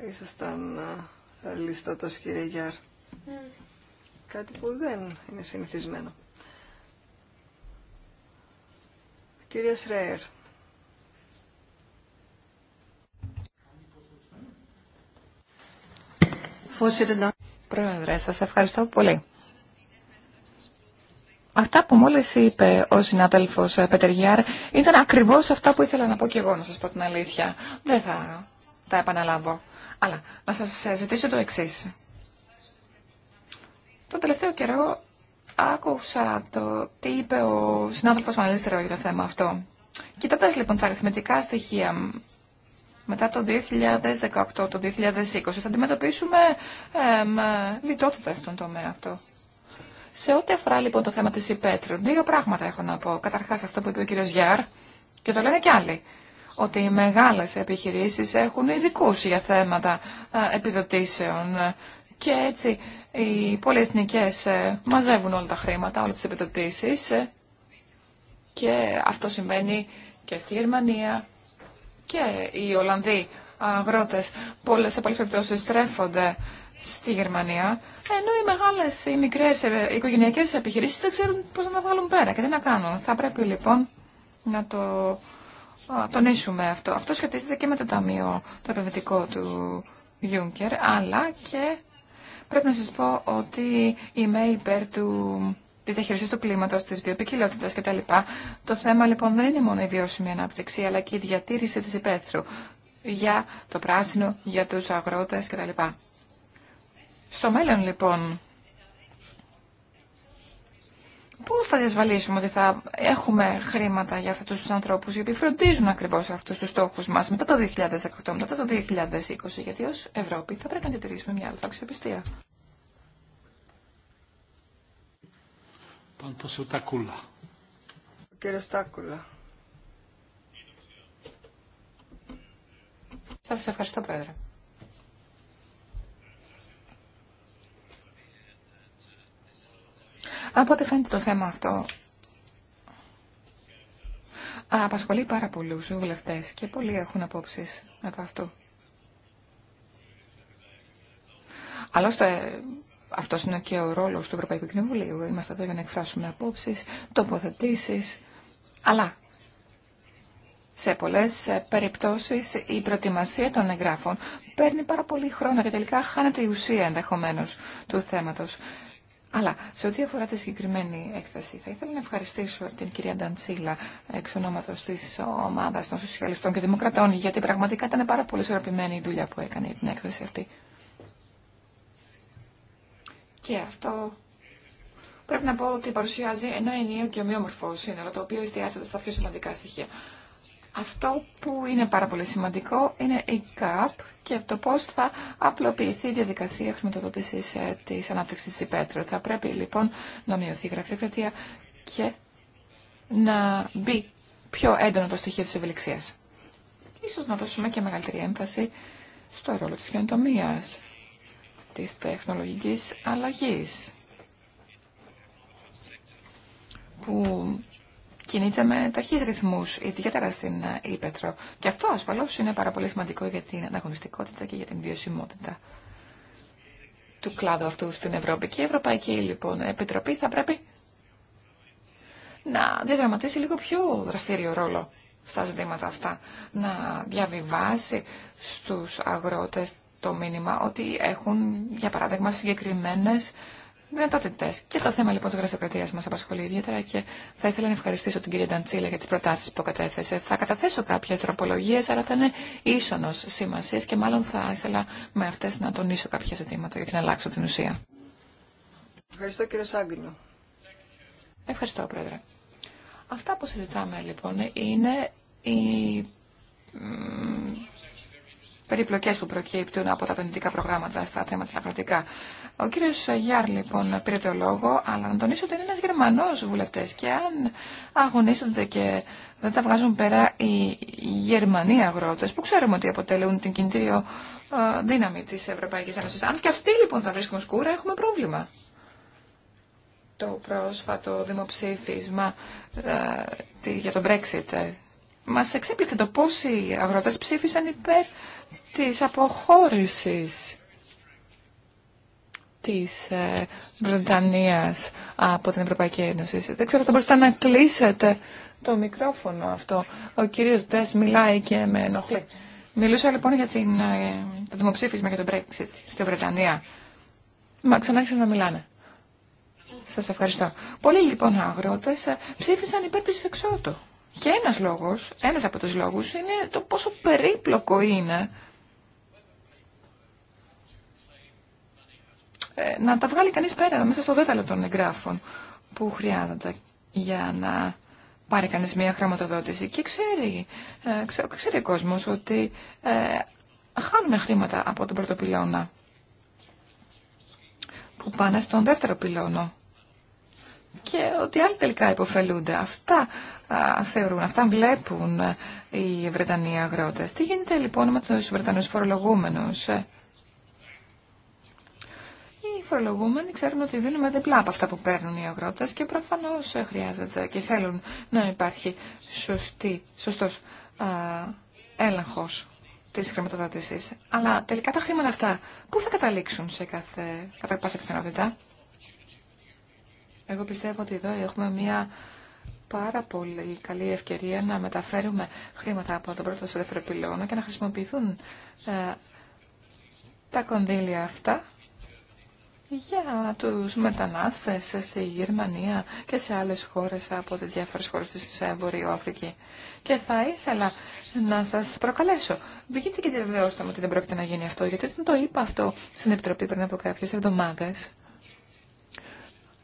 ήσασταν το κύριε Γιάρ. Κάτι που δεν είναι συνηθισμένο. Κυρία Σρέερ. Πρόεδρε, σας ευχαριστώ πολύ. Αυτά που μόλις είπε ο συνάδελφος Πετεργιάρ ήταν ακριβώς αυτά που ήθελα να πω και εγώ, να σας πω την αλήθεια. Δεν θα τα επαναλάβω. Αλλά να σας ζητήσω το εξή. Το τελευταίο καιρό άκουσα το τι είπε ο συνάδελφος Μαλίστερο για το θέμα αυτό. Κοιτώντα λοιπόν τα αριθμητικά στοιχεία μετά το 2018, το 2020 θα αντιμετωπίσουμε λιτότητα στον τομέα αυτό. Σε ό,τι αφορά λοιπόν το θέμα της υπέτρου, δύο πράγματα έχω να πω. Καταρχάς αυτό που είπε ο κύριος Γιάρ και το λένε και άλλοι ότι οι μεγάλες επιχειρήσεις έχουν ειδικού για θέματα ε, επιδοτήσεων και έτσι οι πολυεθνικές ε, μαζεύουν όλα τα χρήματα, όλες τις επιδοτήσεις ε, και αυτό συμβαίνει και στη Γερμανία και οι Ολλανδοί αγρότε πολλέ σε πολλέ περιπτώσει στρέφονται στη Γερμανία, ενώ οι μεγάλες, οι μικρέ ε, οικογενειακέ επιχειρήσει δεν ξέρουν πώ να τα βγάλουν πέρα και τι να κάνουν. Θα πρέπει λοιπόν να το τονίσουμε αυτό. Αυτό σχετίζεται και με το ταμείο το επενδυτικό του Juncker, αλλά και πρέπει να σας πω ότι είμαι υπέρ του τη διαχείριση του κλίματο, τη βιοπικιλότητα κτλ. Το θέμα λοιπόν δεν είναι μόνο η βιώσιμη ανάπτυξη, αλλά και η διατήρηση τη υπαίθρου για το πράσινο, για του αγρότε κτλ. Στο μέλλον λοιπόν, Πού θα διασφαλίσουμε ότι θα έχουμε χρήματα για αυτού του ανθρώπου οι οποίοι φροντίζουν ακριβώ αυτού του στόχου μα μετά το 2018, μετά το 2020, γιατί ω Ευρώπη θα πρέπει να διατηρήσουμε μια αλφαξιοπιστία. Σα ευχαριστώ, Πρόεδρε. Από ό,τι φαίνεται το θέμα αυτό απασχολεί πάρα πολλούς βουλευτές και πολλοί έχουν απόψεις από αυτού. Άλλωστε, αυτό είναι και ο ρόλο του Ευρωπαϊκού Κοινοβουλίου. Είμαστε εδώ για να εκφράσουμε απόψει, τοποθετήσει. Αλλά σε πολλέ περιπτώσει η προετοιμασία των εγγράφων παίρνει πάρα πολύ χρόνο και τελικά χάνεται η ουσία ενδεχομένω του θέματο. Αλλά σε ό,τι αφορά τη συγκεκριμένη έκθεση, θα ήθελα να ευχαριστήσω την κυρία Νταντσίλα, εξ ονόματο τη ομάδα των Σοσιαλιστών και Δημοκρατών, γιατί πραγματικά ήταν πάρα πολύ σορροπημένη η δουλειά που έκανε την έκθεση αυτή. Και αυτό πρέπει να πω ότι παρουσιάζει ένα ενίο και ομοιόμορφο σύνολο, το οποίο εστιάζεται στα πιο σημαντικά στοιχεία. Αυτό που είναι πάρα πολύ σημαντικό είναι η ΚΑΠ και το πώ θα απλοποιηθεί η διαδικασία χρηματοδότηση ε, τη ανάπτυξη τη υπέτρου. Θα πρέπει λοιπόν να μειωθεί η γραφειοκρατία και να μπει πιο έντονο το στοιχείο τη ευελιξία. Ίσως να δώσουμε και μεγαλύτερη έμφαση στο ρόλο της καινοτομίας της τεχνολογικής αλλαγής που κινείται με ταχύς ρυθμούς, ιδιαίτερα στην ε, Ήπετρο. Και αυτό ασφαλώς είναι πάρα πολύ σημαντικό για την ανταγωνιστικότητα και για την βιωσιμότητα του κλάδου αυτού στην Ευρώπη. Και η Ευρωπαϊκή λοιπόν, Επιτροπή θα πρέπει να διαδραματίσει λίγο πιο δραστήριο ρόλο στα ζητήματα αυτά, να διαβιβάσει στους αγρότες το μήνυμα ότι έχουν, για παράδειγμα, συγκεκριμένε δυνατότητε. Και το θέμα λοιπόν τη γραφειοκρατία μα απασχολεί ιδιαίτερα και θα ήθελα να ευχαριστήσω την κυρία Νταντσίλα για τι προτάσει που κατέθεσε. Θα καταθέσω κάποιε τροπολογίε, αλλά θα είναι ίσονο σημασία και μάλλον θα ήθελα με αυτέ να τονίσω κάποια ζητήματα για να αλλάξω την ουσία. Ευχαριστώ κύριε Σάγκελο. Ευχαριστώ πρόεδρε. Αυτά που συζητάμε λοιπόν είναι η περιπλοκές που προκύπτουν από τα επενδυτικά προγράμματα στα θέματα τα αγροτικά. Ο κύριο Γιάρ λοιπόν πήρε το λόγο, αλλά να τονίσω ότι είναι ένα γερμανό βουλευτέ. και αν αγωνίζονται και δεν τα βγάζουν πέρα οι Γερμανοί αγρότε, που ξέρουμε ότι αποτελούν την κινητήριο ε, δύναμη τη Ευρωπαϊκή Ένωση. Αν και αυτοί λοιπόν θα βρίσκουν σκούρα έχουμε πρόβλημα. Το πρόσφατο δημοψήφισμα ε, για τον Brexit ε, μα εξέπληξε το πώς οι αγρότες ψήφισαν υπέρ της αποχώρησης της ε, Βρετανίας από την Ευρωπαϊκή Ένωση. Δεν ξέρω, θα μπορούσατε να κλείσετε το μικρόφωνο αυτό. Ο κύριος Ντε μιλάει και με ενοχλεί. Μιλούσα λοιπόν για την, ε, το δημοψήφισμα για τον Brexit στη Βρετανία. Μα ξανάρχισαν να μιλάνε. Σας ευχαριστώ. Πολλοί λοιπόν αγρότες ε, ψήφισαν υπέρ της εξόδου. Και ένας λόγος, ένας από τους λόγους είναι το πόσο περίπλοκο είναι ε, να τα βγάλει κανείς πέρα μέσα στο δέταλο των εγγράφων που χρειάζεται για να πάρει κανείς μια χρηματοδότηση. Και ξέρει, ε, ξέρει ο κόσμος ότι ε, χάνουμε χρήματα από τον πρώτο πυλώνα που πάνε στον δεύτερο πυλώνο και ότι άλλοι τελικά υποφελούνται. Αυτά α, θεωρούν, αυτά βλέπουν ε, οι Βρετανοί αγρότες. Τι γίνεται λοιπόν με τους Βρετανούς φορολογούμενους. Ε, οι φορολογούμενοι ξέρουν ότι δίνουμε διπλά από αυτά που παίρνουν οι αγρότες και προφανώς ε, χρειάζεται και θέλουν να υπάρχει σωστή, σωστός α, έλεγχος της χρηματοδότησης. Αλλά τελικά τα χρήματα αυτά πού θα καταλήξουν σε κάθε, κατά πάσα πιθανότητα. Εγώ πιστεύω ότι εδώ έχουμε μια πάρα πολύ καλή ευκαιρία να μεταφέρουμε χρήματα από τον πρώτο στο δεύτερο πυλώνα και να χρησιμοποιηθούν ε, τα κονδύλια αυτά για τους μετανάστες στη Γερμανία και σε άλλες χώρες από τις διάφορες χώρες της Βορείου Αφρική. Και θα ήθελα να σας προκαλέσω. Βγείτε και διαβεβαιώστε μου ότι δεν πρόκειται να γίνει αυτό, γιατί δεν το είπα αυτό στην Επιτροπή πριν από κάποιες εβδομάδες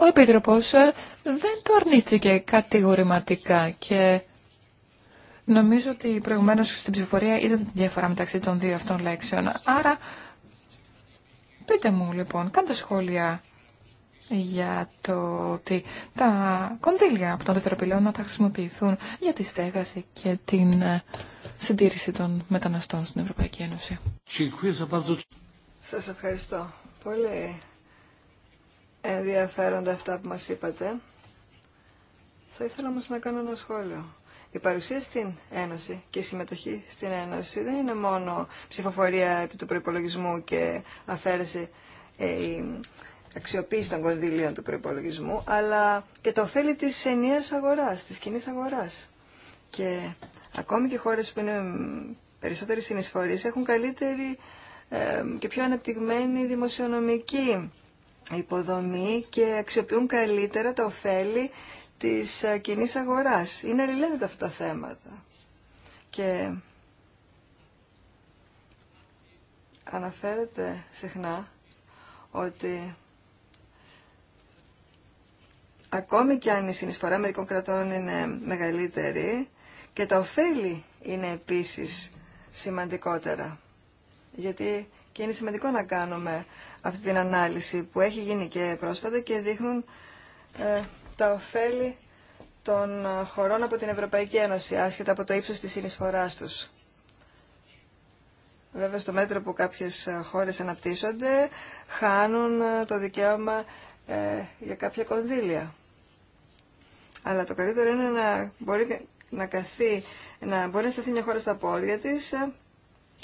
ο Επίτροπος ε, δεν το αρνήθηκε κατηγορηματικά και νομίζω ότι προηγουμένως στην ψηφορία ήταν τη διαφορά μεταξύ των δύο αυτών λέξεων. Άρα, πείτε μου λοιπόν, κάντε σχόλια για το ότι τα κονδύλια από τον δεύτερο πυλώνα θα χρησιμοποιηθούν για τη στέγαση και την ε, συντήρηση των μεταναστών στην Ευρωπαϊκή Ένωση. Σας ευχαριστώ. Πολύ ενδιαφέροντα αυτά που μας είπατε. Θα ήθελα όμως να κάνω ένα σχόλιο. Η παρουσία στην Ένωση και η συμμετοχή στην Ένωση δεν είναι μόνο ψηφοφορία επί του προϋπολογισμού και αφαίρεση ε, η αξιοποίηση των κονδύλιων του προϋπολογισμού, αλλά και το ωφέλη της ενιαίας αγοράς, της κοινής αγοράς. Και ακόμη και χώρες που είναι περισσότερες συνεισφορείς έχουν καλύτερη ε, και πιο αναπτυγμένη δημοσιονομική υποδομή και αξιοποιούν καλύτερα τα ωφέλη της ε, κοινή αγοράς. Είναι αλληλένδετα αυτά τα θέματα. Και αναφέρεται συχνά ότι ακόμη και αν η συνεισφορά μερικών κρατών είναι μεγαλύτερη και τα ωφέλη είναι επίσης σημαντικότερα. Γιατί και είναι σημαντικό να κάνουμε αυτή την ανάλυση που έχει γίνει και πρόσφατα και δείχνουν ε, τα ωφέλη των ε, χωρών από την Ευρωπαϊκή Ένωση, άσχετα από το ύψος της συνεισφοράς τους. Βέβαια, στο μέτρο που κάποιες ε, χώρες αναπτύσσονται, χάνουν το δικαίωμα για κάποια κονδύλια. Αλλά το καλύτερο είναι να μπορεί να, καθεί, να μπορεί να σταθεί μια χώρα στα πόδια της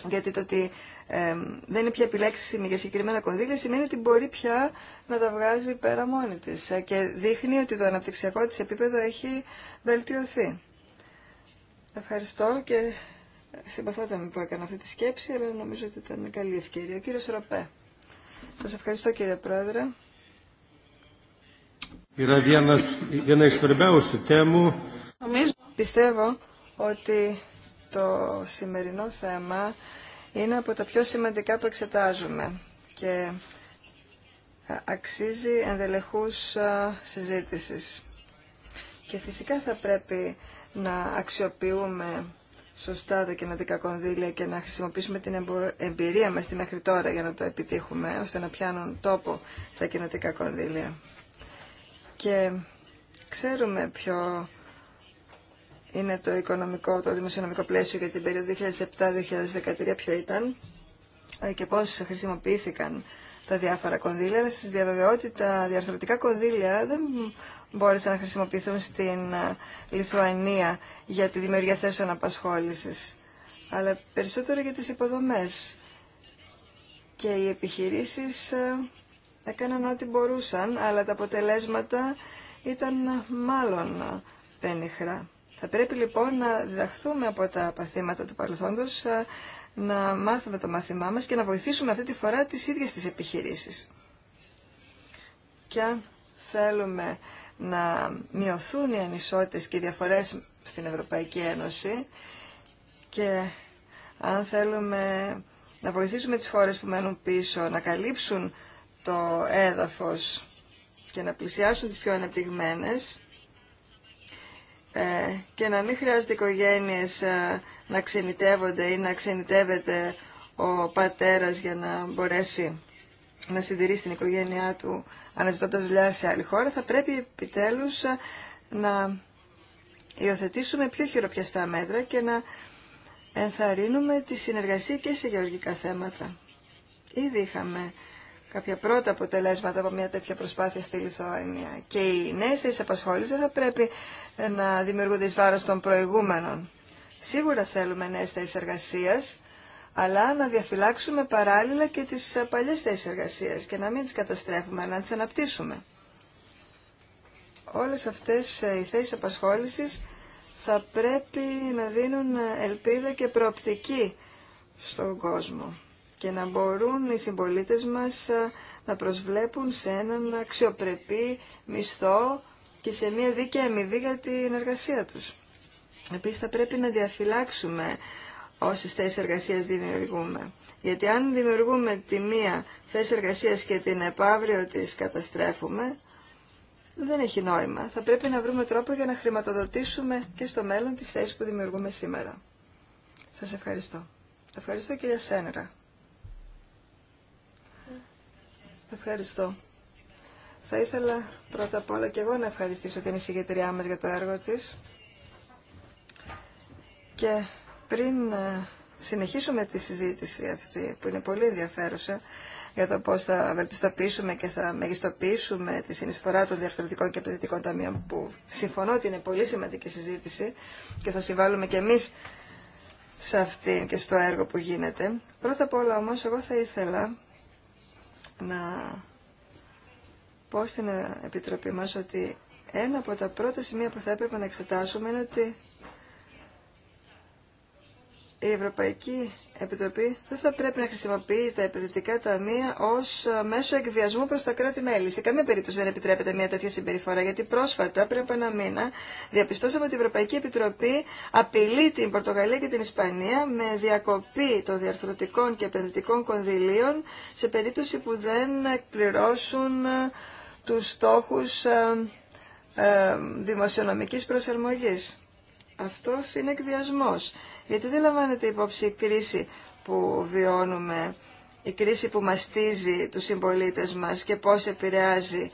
γιατί το ότι δεν είναι πια επιλέξιμη για συγκεκριμένα κονδύλια σημαίνει ότι μπορεί πια να τα βγάζει πέρα μόνη τη. Ε, και δείχνει ότι το αναπτυξιακό τη επίπεδο έχει βελτιωθεί. Ευχαριστώ και ε, συμπαθάτε με που έκανα αυτή τη σκέψη, αλλά νομίζω ότι ήταν καλή ευκαιρία. Κύριο Ροπέ, σας ευχαριστώ κύριε Πρόεδρε. Νομίζω... Πιστεύω ότι το σημερινό θέμα είναι από τα πιο σημαντικά που εξετάζουμε και αξίζει ενδελεχούς συζήτησης. Και φυσικά θα πρέπει να αξιοποιούμε σωστά τα κοινοτικά κονδύλια και να χρησιμοποιήσουμε την εμπειρία μας την μέχρι τώρα για να το επιτύχουμε, ώστε να πιάνουν τόπο τα κοινοτικά κονδύλια. Και ξέρουμε πιο είναι το οικονομικό, το δημοσιονομικό πλαίσιο για την περίοδο 2007-2013 ποιο ήταν ε, και πώς χρησιμοποιήθηκαν τα διάφορα κονδύλια, αλλά διαβεβαιότητα, τα διαρθρωτικά κονδύλια δεν μπόρεσαν να χρησιμοποιηθούν στην ε, Λιθουανία για τη δημιουργία θέσεων απασχόλησης, αλλά περισσότερο για τις υποδομές. Και οι επιχειρήσεις ε, έκαναν ό,τι μπορούσαν, αλλά τα αποτελέσματα ήταν μάλλον πενιχρά. Θα πρέπει λοιπόν να διδαχθούμε από τα παθήματα του παρελθόντος, ε, να μάθουμε το μάθημά μας και να βοηθήσουμε αυτή τη φορά τις ίδιες τις επιχειρήσεις. Και αν θέλουμε να μειωθούν οι ανισότητες και οι διαφορές στην Ευρωπαϊκή Ένωση και αν θέλουμε να βοηθήσουμε τις χώρες που μένουν πίσω να καλύψουν το έδαφος και να πλησιάσουν τις πιο αναπτυγμένες, ε, και να μην χρειάζονται οικογένειες ε, να ξενιτεύονται ή να ξενιτεύεται ο πατέρας για να μπορέσει να συντηρήσει την οικογένειά του αναζητώντας δουλειά σε άλλη χώρα, θα πρέπει επιτέλους ε, να υιοθετήσουμε πιο χειροπιαστά μέτρα και να ενθαρρύνουμε τη συνεργασία και σε γεωργικά θέματα. Ήδη είχαμε κάποια πρώτα αποτελέσματα από μια τέτοια προσπάθεια στη Λιθουανία. Και οι νέε θέσει απασχόληση δεν θα πρέπει ε, να δημιουργούνται ει βάρο των προηγούμενων. Σίγουρα θέλουμε νέε θέσει εργασία, αλλά να διαφυλάξουμε παράλληλα και τις ε, παλιέ θέσει εργασία και να μην τι καταστρέφουμε, να τι αναπτύσσουμε. Όλες αυτές ε, οι θέσεις απασχόλησης θα πρέπει να δίνουν ελπίδα και προοπτική στον κόσμο και να μπορούν οι συμπολίτες μας ε, να προσβλέπουν σε έναν αξιοπρεπή μισθό και σε μια δίκαια αμοιβή για την εργασία τους. Επίσης θα πρέπει να διαφυλάξουμε όσες θέσεις εργασίας δημιουργούμε. Γιατί αν δημιουργούμε τη μία θέση εργασίας και την επαύριο της καταστρέφουμε, δεν έχει νόημα. Θα πρέπει να βρούμε τρόπο για να χρηματοδοτήσουμε και στο μέλλον τις θέσεις που δημιουργούμε σήμερα. Σας ευχαριστώ. Ευχαριστώ κυρία Σένερα. Ευχαριστώ. Θα ήθελα πρώτα απ' όλα και εγώ να ευχαριστήσω την εισηγητριά μας για το έργο της. Και πριν ε, συνεχίσουμε τη συζήτηση αυτή που είναι πολύ ενδιαφέρουσα για το πώς θα βελτιστοποιήσουμε και θα μεγιστοποιήσουμε τη συνεισφορά των διαρθρωτικών και παιδευτικών ταμείων που συμφωνώ ότι είναι πολύ σημαντική συζήτηση και θα συμβάλλουμε και εμείς σε αυτή και στο έργο που γίνεται. Πρώτα απ' όλα όμως εγώ θα ήθελα να πω στην Επιτροπή μας ότι ένα από τα πρώτα σημεία που θα έπρεπε να εξετάσουμε είναι ότι η Ευρωπαϊκή Επιτροπή δεν θα πρέπει να χρησιμοποιεί τα επενδυτικά ταμεία ω ε, μέσο εκβιασμού προ τα κράτη-μέλη. Σε καμία περίπτωση δεν επιτρέπεται μια τέτοια συμπεριφορά, γιατί πρόσφατα, πριν από ένα μήνα, διαπιστώσαμε ότι η Ευρωπαϊκή Επιτροπή απειλεί την Πορτογαλία και την Ισπανία με διακοπή των διαρθρωτικών και επενδυτικών κονδυλίων σε περίπτωση που δεν εκπληρώσουν ε, του στόχου ε, δημοσιονομικής προσαρμογής αυτός είναι εκβιασμός. Γιατί δεν λαμβάνεται υπόψη η κρίση που βιώνουμε, η κρίση που μαστίζει του συμπολίτε μας και πώς επηρεάζει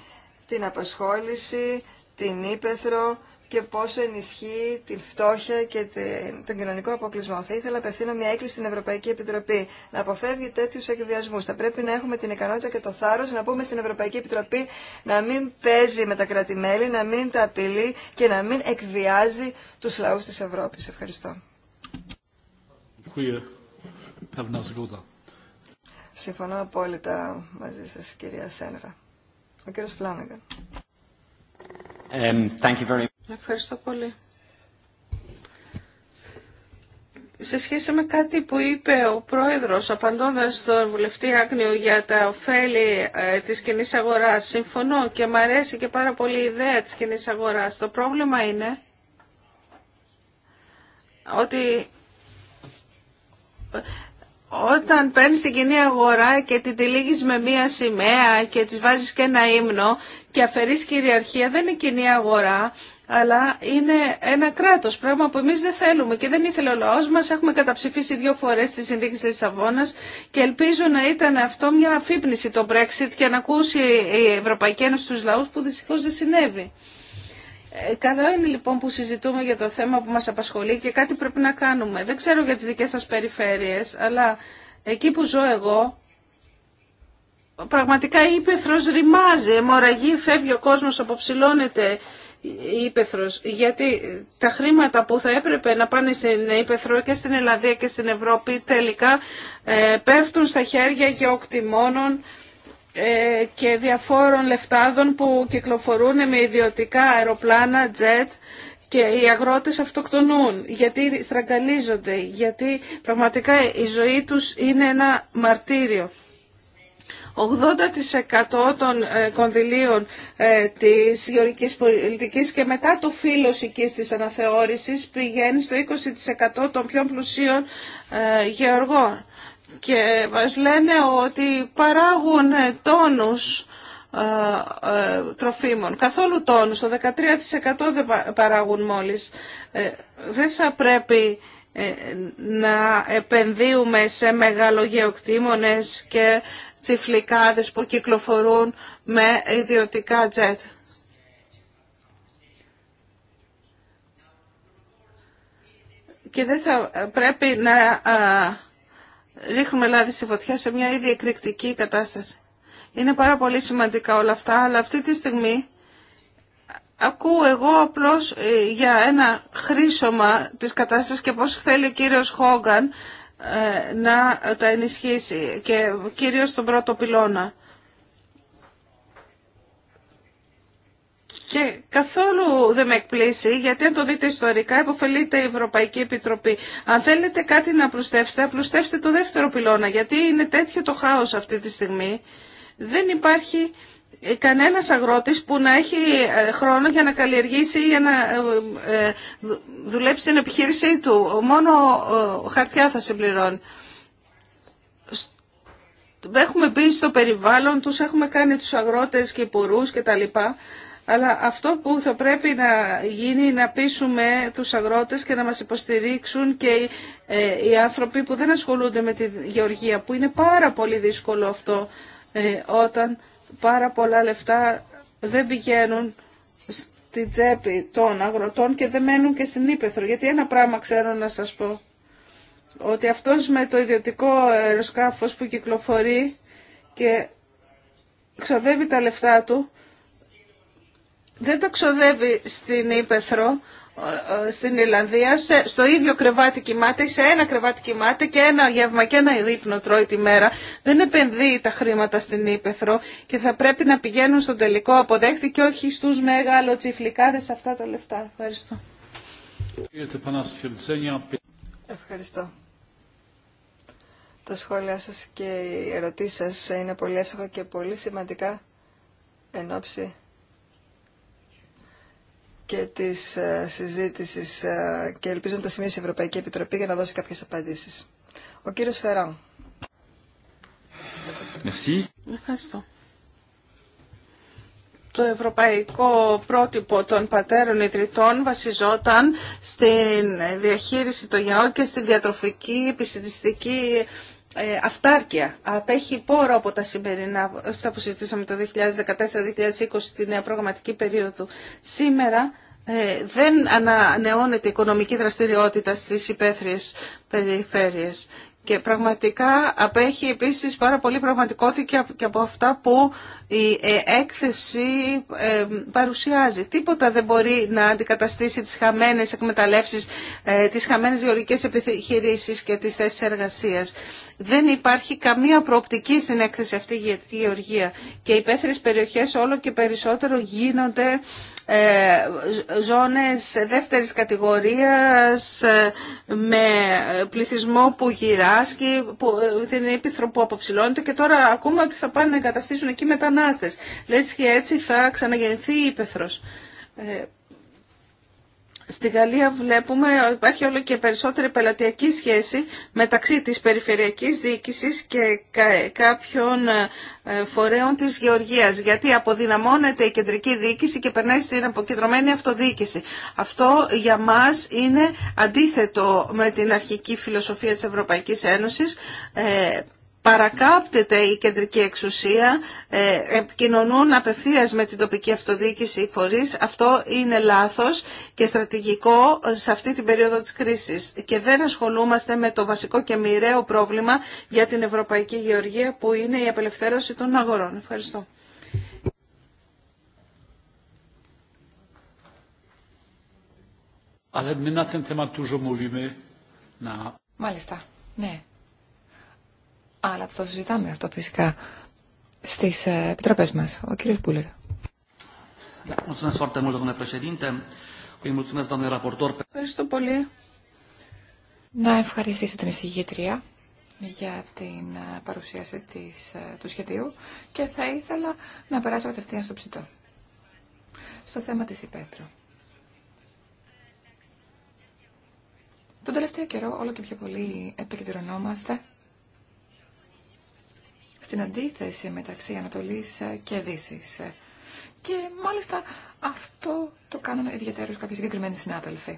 την απασχόληση, την ύπεθρο, και πόσο ενισχύει τη φτώχεια και τον κοινωνικό αποκλεισμό. Θα ήθελα να απευθύνω μια έκκληση στην Ευρωπαϊκή Επιτροπή να αποφεύγει τέτοιου εκβιασμού. Θα πρέπει να έχουμε την ικανότητα και το θάρρο να πούμε στην Ευρωπαϊκή Επιτροπή να μην παίζει με τα κρατημέλη, να μην τα απειλεί και να μην εκβιάζει του λαού τη Ευρώπη. Ευχαριστώ. Συμφωνώ απόλυτα μαζί σα, κυρία Σένερα. Ο κύριο Φλάνεγκαν. Ευχαριστώ πολύ. Σε σχέση με κάτι που είπε ο πρόεδρος απαντώντας στον βουλευτή Άγνιο για τα ωφέλη ε, της κοινή αγοράς, συμφωνώ και μου αρέσει και πάρα πολύ η ιδέα της κοινή αγοράς. Το πρόβλημα είναι ότι όταν παίρνει την κοινή αγορά και την τυλίγεις με μία σημαία και της βάζεις και ένα ύμνο και αφαιρείς κυριαρχία, δεν είναι κοινή αγορά, αλλά είναι ένα κράτο, πράγμα που εμεί δεν θέλουμε και δεν ήθελε ο λαό μα Έχουμε καταψηφίσει δύο φορέ τη συνδίκη τη Λισαβόνα και ελπίζω να ήταν αυτό μια αφύπνιση το Brexit και να ακούσει η Ευρωπαϊκή Ένωση του λαούς που δυστυχώ δεν συνέβη. Ε, καλό είναι λοιπόν που συζητούμε για το θέμα που μας απασχολεί και κάτι πρέπει να κάνουμε. Δεν ξέρω για τις δικές σας περιφέρειες, αλλά εκεί που ζω εγώ, πραγματικά η ύπεθρος ρημάζει, αιμορραγεί, φεύγει ο κόσμος, αποψηλώνεται γιατί τα χρήματα που θα έπρεπε να πάνε στην Ήπεθρο και στην Ελλάδα και στην Ευρώπη τελικά ε, πέφτουν στα χέρια γεωκτημόνων ε, και διαφόρων λεφτάδων που κυκλοφορούν με ιδιωτικά αεροπλάνα, τζετ και οι αγρότες αυτοκτονούν, γιατί στραγγαλίζονται, γιατί πραγματικά η ζωή τους είναι ένα μαρτύριο. 80% των ε, κονδυλίων ε, της γεωργικής πολιτικής και μετά το φύλλος εκεί της αναθεώρησης πηγαίνει στο 20% των πιο πλουσίων ε, γεωργών. Και μας λένε ότι παράγουν τόνους τροφίμων. Καθόλου τόνους, το 13% δεν παράγουν μόλις. Δεν θα πρέπει να επενδύουμε σε μεγαλογεωκτήμονες και τσιφλικάδες που κυκλοφορούν με ιδιωτικά τζέτ. Και δεν θα πρέπει να ρίχνουμε λάδι στη φωτιά σε μια ήδη εκρηκτική κατάσταση. Είναι πάρα πολύ σημαντικά όλα αυτά, αλλά αυτή τη στιγμή ακούω εγώ απλώς ε, για ένα χρήσωμα της κατάστασης και πώς θέλει ο κύριος Χόγκαν ε, να τα ενισχύσει και κυρίως τον πρώτο πυλώνα. Και καθόλου δεν με εκπλήσει, γιατί αν το δείτε ιστορικά, υποφελείται η Ευρωπαϊκή Επιτροπή. Αν θέλετε κάτι να απλουστεύσετε, απλουστεύστε το δεύτερο πυλώνα, γιατί είναι τέτοιο το χάος αυτή τη στιγμή. Δεν υπάρχει κανένας αγρότης που να έχει ε, χρόνο για να καλλιεργήσει ή για να ε, ε, δουλέψει την επιχείρησή του. Μόνο χαρτιά θα συμπληρώνει. Έχουμε μπει στο περιβάλλον, τους έχουμε κάνει τους αγρότες και πουρούς και τα λοιπά, αλλά αυτό που θα πρέπει να γίνει να πείσουμε τους αγρότες και να μας υποστηρίξουν και οι άνθρωποι που δεν ασχολούνται με τη γεωργία, που είναι πάρα πολύ δύσκολο αυτό όταν πάρα πολλά λεφτά δεν πηγαίνουν στην τσέπη των αγροτών και δεν μένουν και στην Ήπεθρο. Γιατί ένα πράγμα ξέρω να σας πω, ότι αυτός με το ιδιωτικό αεροσκάφος που κυκλοφορεί και ξοδεύει τα λεφτά του, δεν τα ξοδεύει στην Ήπεθρο, στην Ιρλανδία στο ίδιο κρεβάτι κοιμάται, σε ένα κρεβάτι κοιμάται και ένα γεύμα και ένα ύπνο τρώει τη μέρα. Δεν επενδύει τα χρήματα στην Ήπεθρο και θα πρέπει να πηγαίνουν στον τελικό αποδέχτη και όχι στους μεγάλο τσιφλικάδες αυτά τα λεφτά. Ευχαριστώ. Ευχαριστώ. Τα σχόλιά σας και οι ερωτήσεις σας είναι πολύ εύστοχα και πολύ σημαντικά εν ώψη και τη ε, συζήτηση. Ε, και ελπίζω να τα σημείωσει η Ευρωπαϊκή Επιτροπή για να δώσει κάποιες απαντήσεις. Ο κύριος Φεράν. Ευχαριστώ. Το ευρωπαϊκό πρότυπο των πατέρων ιδρυτών βασιζόταν στην διαχείριση των γεών και στην διατροφική επιστημιστική ε, αυτάρκεια. Απέχει πόρο από τα σημερινά, αυτά που συζητήσαμε το 2014-2020 στη νέα προγραμματική περίοδο. Σήμερα ε, δεν ανανεώνεται η οικονομική δραστηριότητα στις υπαίθριες περιφέρειες και πραγματικά απέχει επίσης πάρα πολύ πραγματικότητα και από αυτά που η ε, έκθεση ε, παρουσιάζει. Τίποτα δεν μπορεί να αντικαταστήσει τις χαμένες εκμεταλλεύσεις, ε, τις χαμένες γεωργικές επιχειρήσεις και τις θέσεις εργασίας. Δεν υπάρχει καμία προοπτική στην έκθεση αυτή για τη γεωργία και οι υπαίθριες περιοχές όλο και περισσότερο γίνονται ε, ζώνες δεύτερης κατηγορίας ε, με πληθυσμό που γυράσκει, που, ε, την ήπειθρο που αποψηλώνεται και τώρα ακούμε ότι θα πάνε να εγκαταστήσουν εκεί μετανάστες. Λες και έτσι θα ξαναγεννηθεί η ύπεθρος. Στη Γαλλία βλέπουμε υπάρχει όλο και περισσότερη πελατειακή σχέση μεταξύ της περιφερειακής διοίκησης και κάποιων ε, φορέων της γεωργίας, γιατί αποδυναμώνεται η κεντρική διοίκηση και περνάει στην αποκεντρωμένη αυτοδιοίκηση. Αυτό για μας είναι αντίθετο με την αρχική φιλοσοφία της Ευρωπαϊκής Ένωσης, ε, παρακάπτεται η κεντρική εξουσία, ε, επικοινωνούν απευθείας με την τοπική αυτοδιοίκηση οι Αυτό είναι λάθος και στρατηγικό σε αυτή την περίοδο της κρίσης. Και δεν ασχολούμαστε με το βασικό και μοιραίο πρόβλημα για την Ευρωπαϊκή Γεωργία που είναι η απελευθέρωση των αγορών. Ευχαριστώ. Ε. Μάλιστα, ναι. Αλλά το συζητάμε αυτό φυσικά στις ε, επιτροπές μας. Ο κύριος Μπούλερ. Ευχαριστώ πολύ. Να ευχαριστήσω την εισηγήτρια για την ε, παρουσίαση της, ε, του σχεδίου και θα ήθελα να περάσω κατευθείαν στο ψητό. Στο θέμα της υπέτρου. Τον τελευταίο καιρό όλο και πιο πολύ επικεντρωνόμαστε στην αντίθεση μεταξύ Ανατολής και Δύσης. Και μάλιστα αυτό το κάνουν ιδιαίτερως κάποιοι συγκεκριμένοι συνάδελφοι.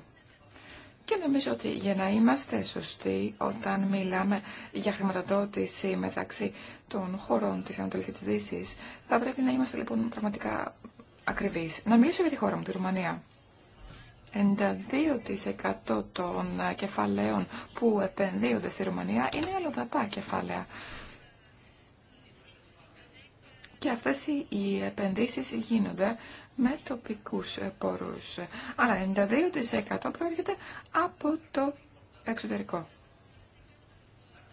Και νομίζω ότι για να είμαστε σωστοί όταν μιλάμε για χρηματοδότηση μεταξύ των χωρών της Ανατολής και της Δύσης, θα πρέπει να είμαστε λοιπόν πραγματικά ακριβείς. Να μιλήσω για τη χώρα μου, τη Ρουμανία. 92% των κεφαλαίων που επενδύονται στη Ρουμανία είναι αλλοδαπά κεφάλαια. Και αυτές οι επενδύσεις γίνονται με τοπικούς πόρους. Αλλά 92% προέρχεται από το εξωτερικό.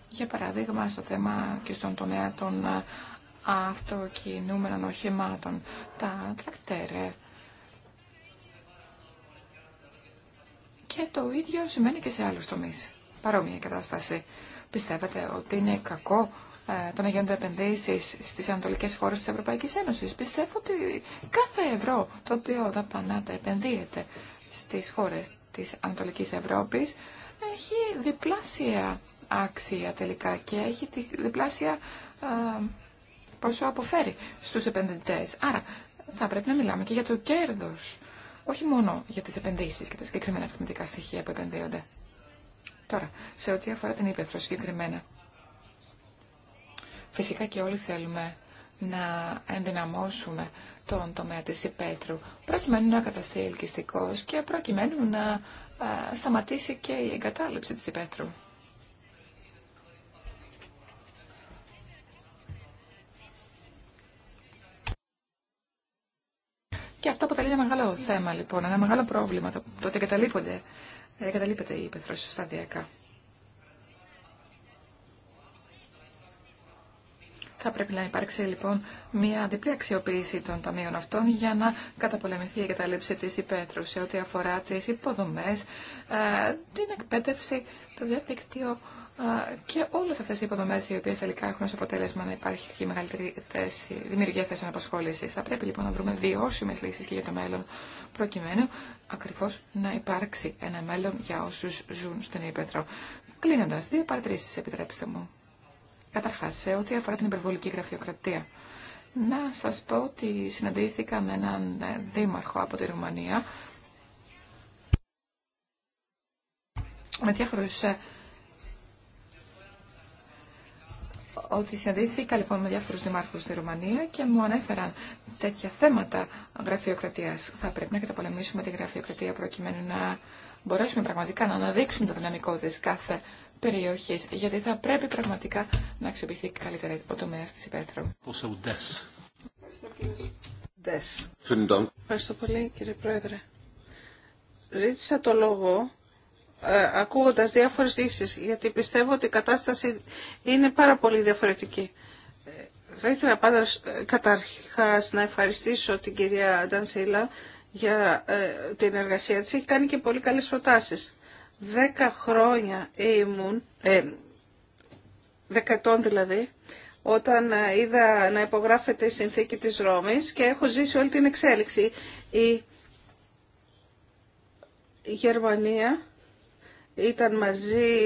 Για παράδειγμα, στο θέμα και στον τομέα των αυτοκινούμενων οχημάτων, τα τρακτέρ. Ε. Και το ίδιο σημαίνει και σε άλλους τομείς. Παρόμοια κατάσταση. Πιστεύετε ότι είναι κακό ε, των να των επενδύσει στι ανατολικέ χώρε τη Ευρωπαϊκή Ένωση. Πιστεύω ότι κάθε ευρώ το οποίο δαπανάται, επενδύεται στι χώρε τη Ανατολική Ευρώπη, έχει διπλάσια άξια τελικά και έχει διπλάσια πόσο αποφέρει στους επενδυτές. Άρα θα πρέπει να μιλάμε και για το κέρδος, όχι μόνο για τις επενδύσεις και τα συγκεκριμένα αριθμητικά στοιχεία που επενδύονται. Τώρα, σε ό,τι αφορά την ύπεθρο συγκεκριμένα, Φυσικά και όλοι θέλουμε να ενδυναμώσουμε τον τομέα της υπέτρου, προκειμένου να καταστεί ελκυστικός και προκειμένου να σταματήσει και η εγκατάλειψη της υπέτρου. Και αυτό αποτελεί ένα μεγάλο θέμα, λοιπόν, ένα μεγάλο πρόβλημα, το ότι εγκαταλείπεται η υπεθρώση σταδιακά. Θα πρέπει να υπάρξει λοιπόν μια διπλή αξιοποίηση των ταμείων αυτών για να καταπολεμηθεί η εγκαταλείψη τη υπαίθρου σε ό,τι αφορά τι υποδομέ, ε, την εκπαίδευση, το διαδίκτυο ε, και όλε αυτέ οι υποδομές οι οποίε τελικά έχουν ω αποτέλεσμα να υπάρχει και μεγαλύτερη θέση, δημιουργία θέσεων απασχόληση. Θα πρέπει λοιπόν να βρούμε βιώσιμε λύσει και για το μέλλον προκειμένου ακριβώ να υπάρξει ένα μέλλον για όσου ζουν στην υπαιθρο, κλείνοντα δύο παρατηρήσει, επιτρέψτε μου. Καταρχάς, σε ό,τι αφορά την υπερβολική γραφειοκρατία, να σας πω ότι συναντήθηκα με έναν ε, δήμαρχο από τη Ρουμανία, με ε, ότι συναντήθηκα λοιπόν με διάφορους δημάρχους στη Ρουμανία και μου ανέφεραν τέτοια θέματα γραφειοκρατίας. Θα πρέπει να καταπολεμήσουμε τη γραφειοκρατία προκειμένου να μπορέσουμε πραγματικά να αναδείξουμε το δυναμικό τη κάθε περιοχής, γιατί θα πρέπει πραγματικά να αξιοποιηθεί καλύτερα ο τομέας της υπαίθρου. Ευχαριστώ πολύ κύριε Πρόεδρε. Ζήτησα το λόγο ε, ακούγοντας διάφορες λύσεις, γιατί πιστεύω ότι η κατάσταση είναι πάρα πολύ διαφορετική. Ε, θα ήθελα πάντα ε, καταρχάς να ευχαριστήσω την κυρία Ντανσίλα για ε, την εργασία της. Έχει κάνει και πολύ καλές προτάσεις. Δέκα χρόνια ήμουν, ε, δεκατών δηλαδή, όταν ε, είδα να υπογράφεται η συνθήκη της Ρώμης και έχω ζήσει όλη την εξέλιξη. Η Γερμανία ήταν μαζί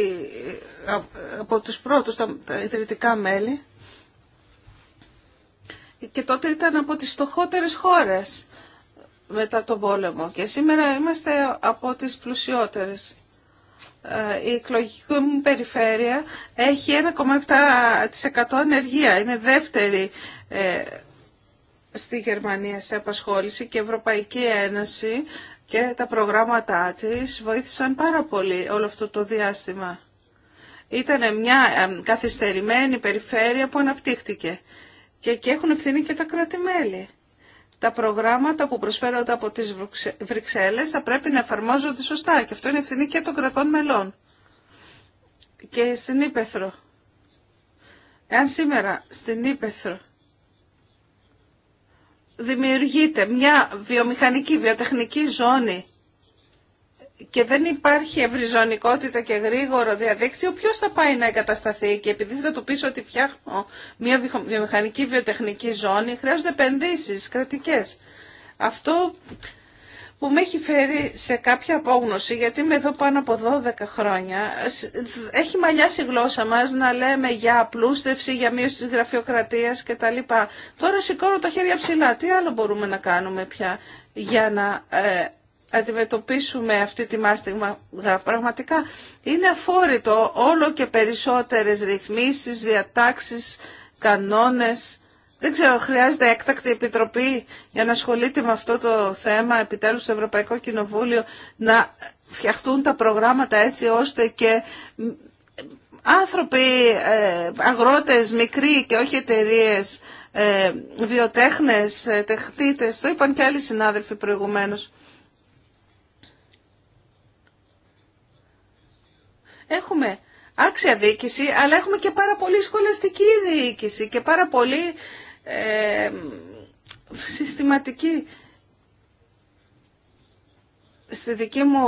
ε, από τους πρώτους τα ιδρυτικά μέλη και τότε ήταν από τις φτωχότερε χώρες μετά τον πόλεμο και σήμερα είμαστε από τις πλουσιότερες. Ε, η εκλογική μου περιφέρεια έχει 1,7% ανεργία. Είναι δεύτερη ε, στη Γερμανία σε απασχόληση και η Ευρωπαϊκή Ένωση και τα προγράμματά της βοήθησαν πάρα πολύ όλο αυτό το διάστημα. Ήταν μια ε, καθυστερημένη περιφέρεια που αναπτύχθηκε και εκεί έχουν ευθύνη και τα κρατη τα προγράμματα που προσφέρονται από τις Βρυξέλλες θα πρέπει να εφαρμόζονται σωστά και αυτό είναι ευθυνή και των κρατών μελών και στην Ήπεθρο. Εάν σήμερα στην Ήπεθρο δημιουργείται μια βιομηχανική, βιοτεχνική ζώνη και δεν υπάρχει ευρυζωνικότητα και γρήγορο διαδίκτυο, ποιο θα πάει να εγκατασταθεί. Και επειδή θα του πει ότι φτιάχνω μια βιομηχανική βιοτεχνική ζώνη, χρειάζονται επενδύσει κρατικέ. Αυτό που με έχει φέρει σε κάποια απόγνωση, γιατί είμαι εδώ πάνω από 12 χρόνια, έχει μαλλιάσει η γλώσσα μας να λέμε για απλούστευση, για μείωση της γραφειοκρατίας κτλ. Τώρα σηκώνω τα χέρια ψηλά. Τι άλλο μπορούμε να κάνουμε πια για να ε, αντιμετωπίσουμε αυτή τη μάστιγμα πραγματικά είναι αφόρητο όλο και περισσότερες ρυθμίσεις, διατάξεις, κανόνες. Δεν ξέρω, χρειάζεται έκτακτη επιτροπή για να ασχολείται με αυτό το θέμα επιτέλους στο Ευρωπαϊκό Κοινοβούλιο να φτιαχτούν τα προγράμματα έτσι ώστε και άνθρωποι, ε, αγρότες, μικροί και όχι εταιρείε, ε, βιοτέχνες, ε, τεχνίτες, το είπαν και άλλοι συνάδελφοι προηγουμένως Έχουμε άξια διοίκηση, αλλά έχουμε και πάρα πολύ σχολαστική διοίκηση και πάρα πολύ ε, συστηματική. Στη δική μου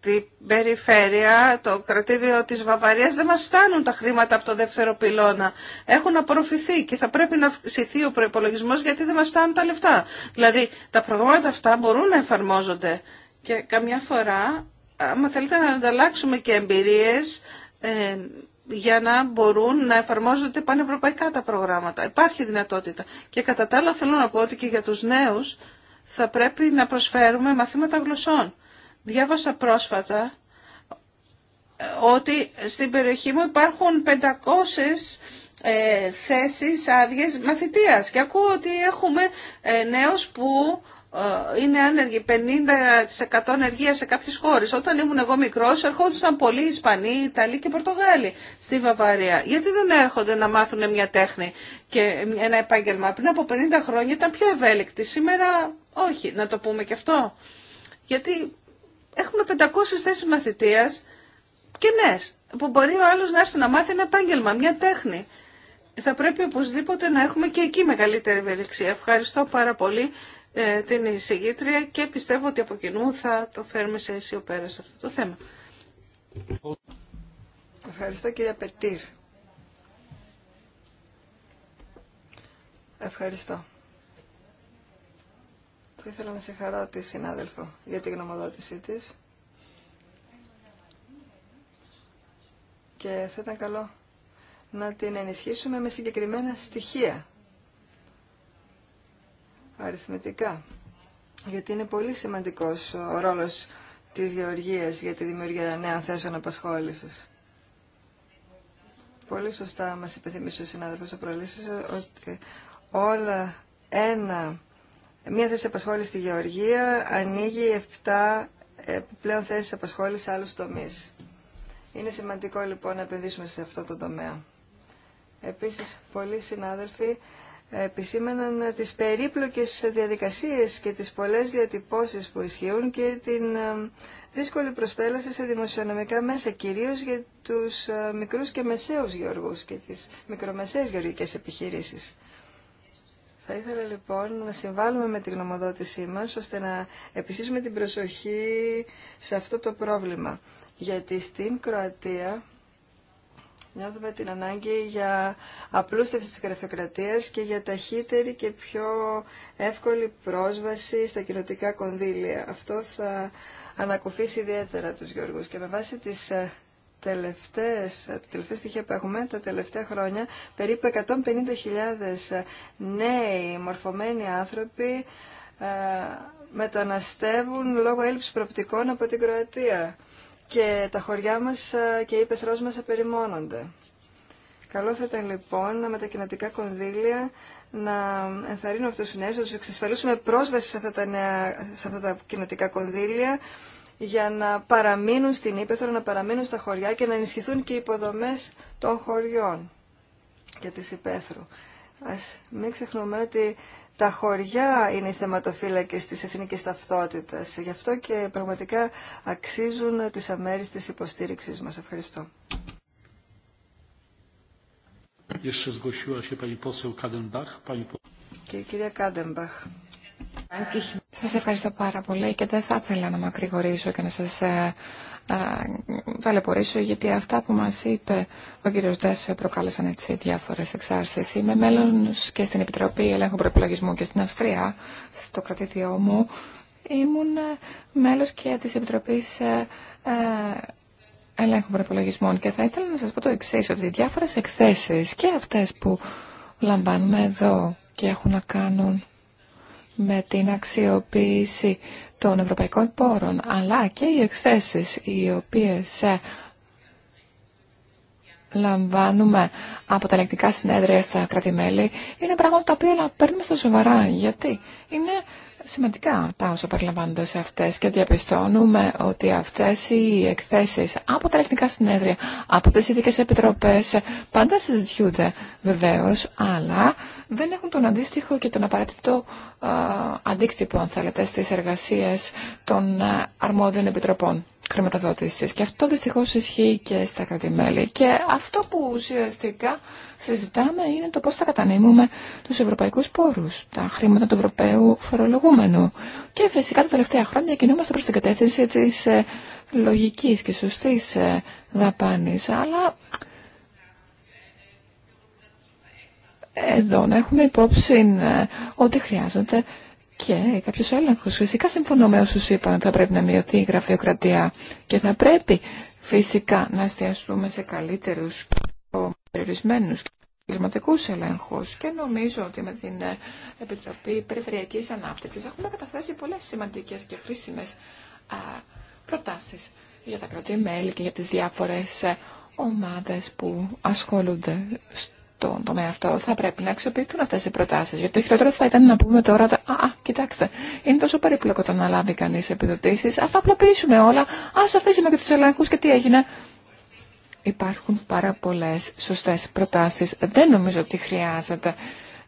την περιφέρεια, το κρατήδιο της Βαβαρίας, δεν μας φτάνουν τα χρήματα από το δεύτερο πυλώνα. Έχουν απορροφηθεί και θα πρέπει να αυξηθεί ο προϋπολογισμός γιατί δεν μας φτάνουν τα λεφτά. Δηλαδή τα προγράμματα αυτά μπορούν να εφαρμόζονται και καμιά φορά άμα θέλετε να ανταλλάξουμε και εμπειρίες ε, για να μπορούν να εφαρμόζονται πανευρωπαϊκά τα προγράμματα. Υπάρχει δυνατότητα. Και κατά τα άλλα θέλω να πω ότι και για τους νέους θα πρέπει να προσφέρουμε μαθήματα γλωσσών. Διάβασα πρόσφατα ε, ότι στην περιοχή μου υπάρχουν 500 ε, θέσεις άδειες μαθητείας. Και ακούω ότι έχουμε ε, νέους που ε, είναι άνεργοι 50% ενεργεία σε κάποιες χώρες. Όταν ήμουν εγώ μικρός ερχόντουσαν πολλοί Ισπανοί, Ιταλοί και Πορτογάλοι στη Βαβαρία. Γιατί δεν έρχονται να μάθουν μια τέχνη και ένα επάγγελμα. Πριν από 50 χρόνια ήταν πιο ευέλικτη. Σήμερα όχι, να το πούμε και αυτό. Γιατί έχουμε 500 θέσεις μαθητείας και νες που μπορεί ο άλλος να έρθει να μάθει ένα επάγγελμα, μια τέχνη θα πρέπει οπωσδήποτε να έχουμε και εκεί μεγαλύτερη ευελιξία. Ευχαριστώ πάρα πολύ ε, την εισηγήτρια και πιστεύω ότι από κοινού θα το φέρουμε σε αίσιο πέρα σε αυτό το θέμα. Ευχαριστώ κυρία Πετήρ. Ευχαριστώ. Θα ήθελα να συγχαρώ τη συνάδελφο για την γνωμοδότησή της. Και θα ήταν καλό να την ενισχύσουμε με συγκεκριμένα στοιχεία, αριθμητικά. Γιατί είναι πολύ σημαντικός ο ρόλος της γεωργίας για τη δημιουργία νέων θέσεων απασχόλησης. Πολύ σωστά μας υπενθυμίσει ο συνάδελφος ο Προλήσης ότι όλα ένα, μία θέση απασχόλησης στη γεωργία ανοίγει 7 επιπλέον θέσεις απασχόληση σε άλλους τομείς. Είναι σημαντικό λοιπόν να επενδύσουμε σε αυτό το τομέα. Επίσης, πολλοί συνάδελφοι επισήμαναν τις περίπλοκες διαδικασίες και τις πολλές διατυπώσεις που ισχύουν και την ε, δύσκολη προσπέλαση σε δημοσιονομικά μέσα, κυρίως για τους ε, μικρούς και μεσαίους γεωργούς και τις μικρομεσαίες γεωργικές επιχειρήσεις. Θα ήθελα λοιπόν να συμβάλλουμε με τη γνωμοδότησή μας ώστε να επιστήσουμε την προσοχή σε αυτό το πρόβλημα. Γιατί στην Κροατία Νιώθουμε την ανάγκη για απλούστευση της γραφειοκρατίας και για ταχύτερη και πιο εύκολη πρόσβαση στα κοινωτικά κονδύλια. Αυτό θα ανακουφίσει ιδιαίτερα τους Γιώργους και με βάση τις ε, τελευταίες, ε, στοιχεία που έχουμε τα τελευταία χρόνια, περίπου 150.000 ε, νέοι μορφωμένοι άνθρωποι μεταναστεύουν λόγω έλλειψης προπτικών από την Κροατία και τα χωριά μας ε, και η Πεθρός μας απεριμώνονται. Καλό θα ήταν λοιπόν με τα κοινοτικά κονδύλια να ενθαρρύνουμε αυτούς τους νέους, να τους εξασφαλίσουμε πρόσβαση σε αυτά τα, τα κοινοτικά κονδύλια για να παραμείνουν στην Ήπεθρο, να παραμείνουν στα χωριά και να ενισχυθούν και οι υποδομές των χωριών για της Ήπεθρου. Ας μην ξεχνούμε ότι τα χωριά είναι οι θεματοφύλακες της εθνικής ταυτότητας. Γι' αυτό και πραγματικά αξίζουν τις αμέριστες υποστήριξης μας. Ευχαριστώ. κυρία Κάντεμπαχ. Σας ευχαριστώ πάρα πολύ και δεν θα ήθελα να μακρηγορήσω και να σας ε, ταλαιπωρήσω γιατί αυτά που μας είπε ο κύριος Δέσσε προκάλεσαν έτσι διάφορες εξάρσεις. Είμαι μέλος και στην Επιτροπή Ελέγχου Προπολογισμού και στην Αυστρία, στο κρατήδιό μου. Ήμουν μέλος και της Επιτροπής ε, ε, Ελέγχου Προπολογισμών και θα ήθελα να σας πω το εξή ότι διάφορες εκθέσεις και αυτές που λαμβάνουμε εδώ και έχουν να κάνουν με την αξιοποίηση των ευρωπαϊκών πόρων, αλλά και οι εκθέσεις οι οποίες ε, λαμβάνουμε από τα ελεκτικά συνέδρια στα κρατη είναι πράγματα τα οποία παίρνουμε στα σοβαρά. Γιατί είναι σημαντικά τα όσα περιλαμβάνονται σε αυτές και διαπιστώνουμε ότι αυτές οι εκθέσεις από τα ελεκτικά συνέδρια, από τις ειδικές επιτροπές, ε, πάντα συζητιούνται βεβαίως, αλλά δεν έχουν τον αντίστοιχο και τον απαραίτητο αντίκτυπο, αν θέλετε, στις εργασίες των αρμόδιων επιτροπών χρηματοδότησης. Και αυτό δυστυχώς ισχύει και στα κρατημέλη. Και αυτό που ουσιαστικά συζητάμε είναι το πώς θα κατανείμουμε τους ευρωπαϊκούς πόρους, τα χρήματα του Ευρωπαίου φορολογούμενου. Και φυσικά τα τελευταία χρόνια κινούμαστε προς την κατεύθυνση της ε, λογικής και σωστής ε, δαπάνης. Αλλά εδώ να έχουμε υπόψη ε, ότι χρειάζεται και κάποιο έλεγχο. Φυσικά συμφωνώ με όσου είπαν ότι θα πρέπει να μειωθεί η γραφειοκρατία και θα πρέπει φυσικά να εστιαστούμε σε καλύτερου, περιορισμένου και αποτελεσματικού ελέγχου. Και νομίζω ότι με την ε, Επιτροπή Περιφερειακή Ανάπτυξη έχουμε καταθέσει πολλέ σημαντικέ και χρήσιμε προτάσει για τα κρατή μέλη και για τι διάφορε ε, ομάδε που ασχολούνται τον τομέα αυτό, θα πρέπει να αξιοποιηθούν αυτέ οι προτάσει. Γιατί το χειρότερο θα ήταν να πούμε τώρα, Α, κοιτάξτε, είναι τόσο περίπλοκο το να λάβει κανεί επιδοτήσει. Α τα απλοποιήσουμε όλα. Α αφήσουμε και του ελέγχου και τι έγινε. Υπάρχουν πάρα πολλέ σωστέ προτάσει. Δεν νομίζω ότι χρειάζεται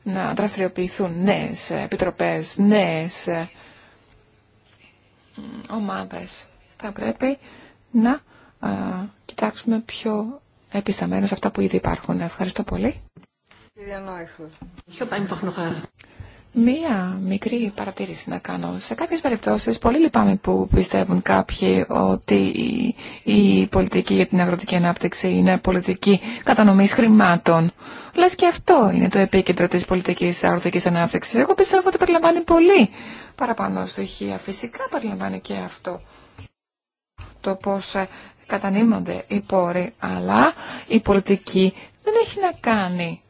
να δραστηριοποιηθούν νέε επιτροπέ, νέε ομάδε. Θα πρέπει να α, ε, κοιτάξουμε πιο επισταμένο σε αυτά που ήδη υπάρχουν. Ευχαριστώ πολύ. Μία μικρή παρατήρηση να κάνω. Σε κάποιες περιπτώσεις, πολύ λυπάμαι που πιστεύουν κάποιοι ότι η πολιτική για την αγροτική ανάπτυξη είναι πολιτική κατανομής χρημάτων. Λες και αυτό είναι το επίκεντρο της πολιτικής αγροτικής ανάπτυξης. Εγώ πιστεύω ότι περιλαμβάνει πολύ παραπάνω στοιχεία. Φυσικά περιλαμβάνει και αυτό το πώς ε, κατανείμονται οι πόροι, αλλά η πολιτική δεν έχει να κάνει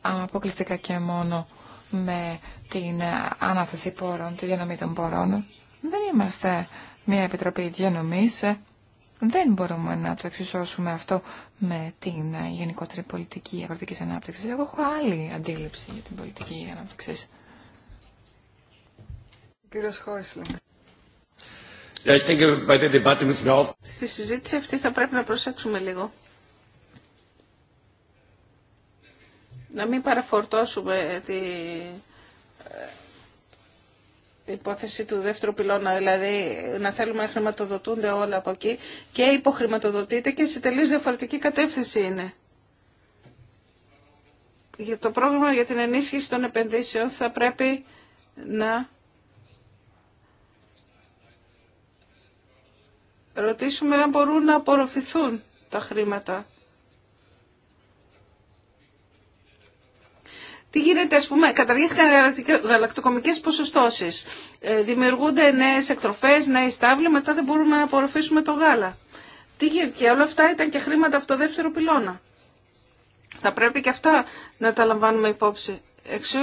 αποκλειστικά και μόνο με την ανάθεση πόρων, τη διανομή των πόρων. Δεν είμαστε μια επιτροπή διανομής. Δεν μπορούμε να το εξισώσουμε αυτό με την γενικότερη πολιτική αγροτικής ανάπτυξη. Εγώ έχω άλλη αντίληψη για την πολιτική ανάπτυξη. Στη συζήτηση αυτή θα πρέπει να προσέξουμε λίγο. Να μην παραφορτώσουμε τη ε, υπόθεση του δεύτερου πυλώνα, δηλαδή να θέλουμε να χρηματοδοτούνται όλα από εκεί και υποχρηματοδοτείται και σε τελείως διαφορετική κατεύθυνση είναι. Για το πρόγραμμα για την ενίσχυση των επενδύσεων θα πρέπει να ρωτήσουμε αν μπορούν να απορροφηθούν τα χρήματα. Τι γίνεται, ας πούμε, καταργήθηκαν γαλακτοκομικές ποσοστώσεις. Ε, δημιουργούνται νέες εκτροφές, νέοι στάβλοι, μετά δεν μπορούμε να απορροφήσουμε το γάλα. Τι γίνεται, και όλα αυτά ήταν και χρήματα από το δεύτερο πυλώνα. Θα πρέπει και αυτά να τα λαμβάνουμε υπόψη. Εξού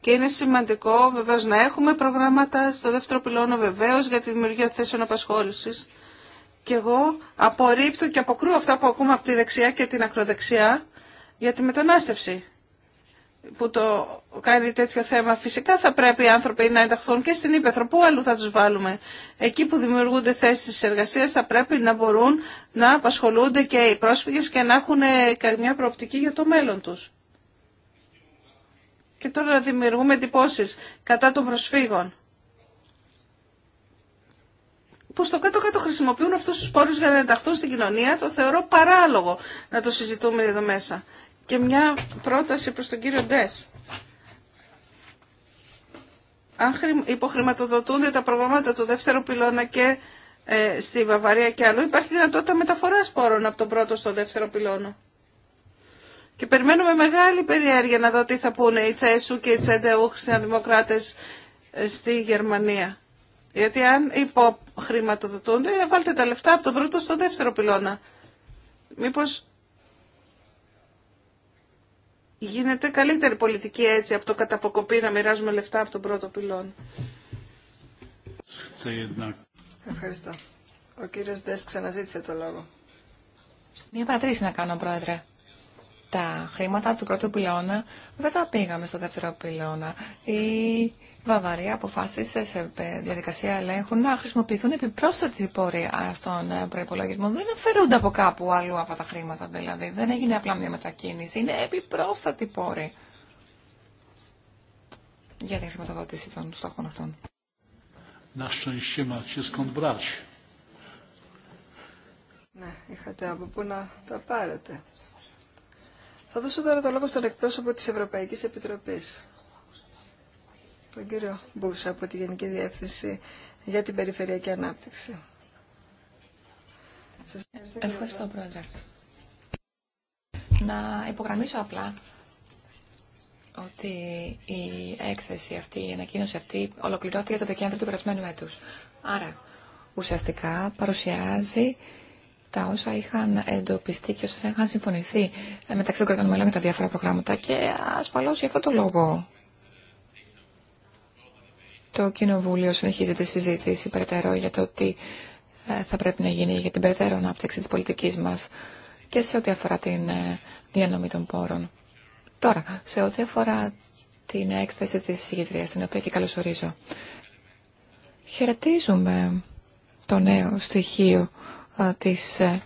και είναι σημαντικό βεβαίω να έχουμε προγράμματα στο δεύτερο πυλώνα βεβαίως για τη δημιουργία θέσεων απασχόληση. Και εγώ απορρίπτω και αποκρούω αυτά που ακούμε από τη δεξιά και την ακροδεξιά για τη μετανάστευση που το κάνει τέτοιο θέμα. Φυσικά θα πρέπει οι άνθρωποι να ενταχθούν και στην Ήπεθρο. Πού αλλού θα τους βάλουμε. Εκεί που δημιουργούνται θέσεις εργασίας θα πρέπει να μπορούν να απασχολούνται και οι πρόσφυγες και να έχουν ε, καμιά προοπτική για το μέλλον τους. Και τώρα να δημιουργούμε εντυπώσει κατά των προσφύγων που στο κάτω-κάτω χρησιμοποιούν αυτούς τους πόρους για να ενταχθούν στην κοινωνία, το θεωρώ παράλογο να το συζητούμε εδώ μέσα. Και μια πρόταση προς τον κύριο Ντες. Αν υποχρηματοδοτούνται τα προγράμματα του δεύτερου πυλώνα και ε, στη Βαβαρία και αλλού, υπάρχει δυνατότητα μεταφορά πόρων από τον πρώτο στο δεύτερο πυλώνα. Και περιμένουμε μεγάλη περιέργεια να δω τι θα πούνε οι Τσέσου και οι Τσέντεου χριστιανοδημοκράτες ε, στη Γερμανία. Γιατί αν υποχρηματοδοτούνται, βάλτε τα λεφτά από τον πρώτο στο δεύτερο πυλώνα. Μήπως γίνεται καλύτερη πολιτική έτσι από το καταποκοπή να μοιράζουμε λεφτά από τον πρώτο πυλώνα. Ευχαριστώ. Ο κύριος να ξαναζήτησε το λόγο. Μία παρατήρηση να κάνω, Πρόεδρε τα χρήματα του πρώτου πυλώνα δεν τα πήγαμε στο δεύτερο πυλώνα. Η Βαβαρία αποφάσισε σε διαδικασία ελέγχου να χρησιμοποιηθούν επιπρόσθετη πορεία στον προπολογισμό. Δεν αφαιρούνται από κάπου αλλού αυτά τα χρήματα δηλαδή. Δεν έγινε απλά μια μετακίνηση. Είναι επιπρόσθετη πόρη για την χρηματοδότηση των στόχων αυτών. Ναι, είχατε από πού να τα πάρετε. Θα δώσω τώρα το λόγο στον εκπρόσωπο της Ευρωπαϊκής Επιτροπής, τον κύριο Μπούσα από τη Γενική Διεύθυνση για την Περιφερειακή Ανάπτυξη. Ευχαριστώ, Πρόεδρε. Να υπογραμμίσω απλά ότι η έκθεση αυτή, η ανακοίνωση αυτή ολοκληρώθηκε το Δεκέμβριο του περασμένου έτους. Άρα, ουσιαστικά παρουσιάζει τα όσα είχαν εντοπιστεί και όσα είχαν συμφωνηθεί ε, μεταξύ των κρατών μελών και τα διάφορα προγράμματα και ασφαλώς για αυτό το λόγο το Κοινοβούλιο συνεχίζει τη συζήτηση περαιτέρω για το τι ε, θα πρέπει να γίνει για την περαιτέρω ανάπτυξη της πολιτικής μας και σε ό,τι αφορά την ε, διανομή των πόρων. Τώρα, σε ό,τι αφορά την έκθεση της συγκεκριτρίας, την οποία και καλωσορίζω, χαιρετίζουμε το νέο στοιχείο της, ε,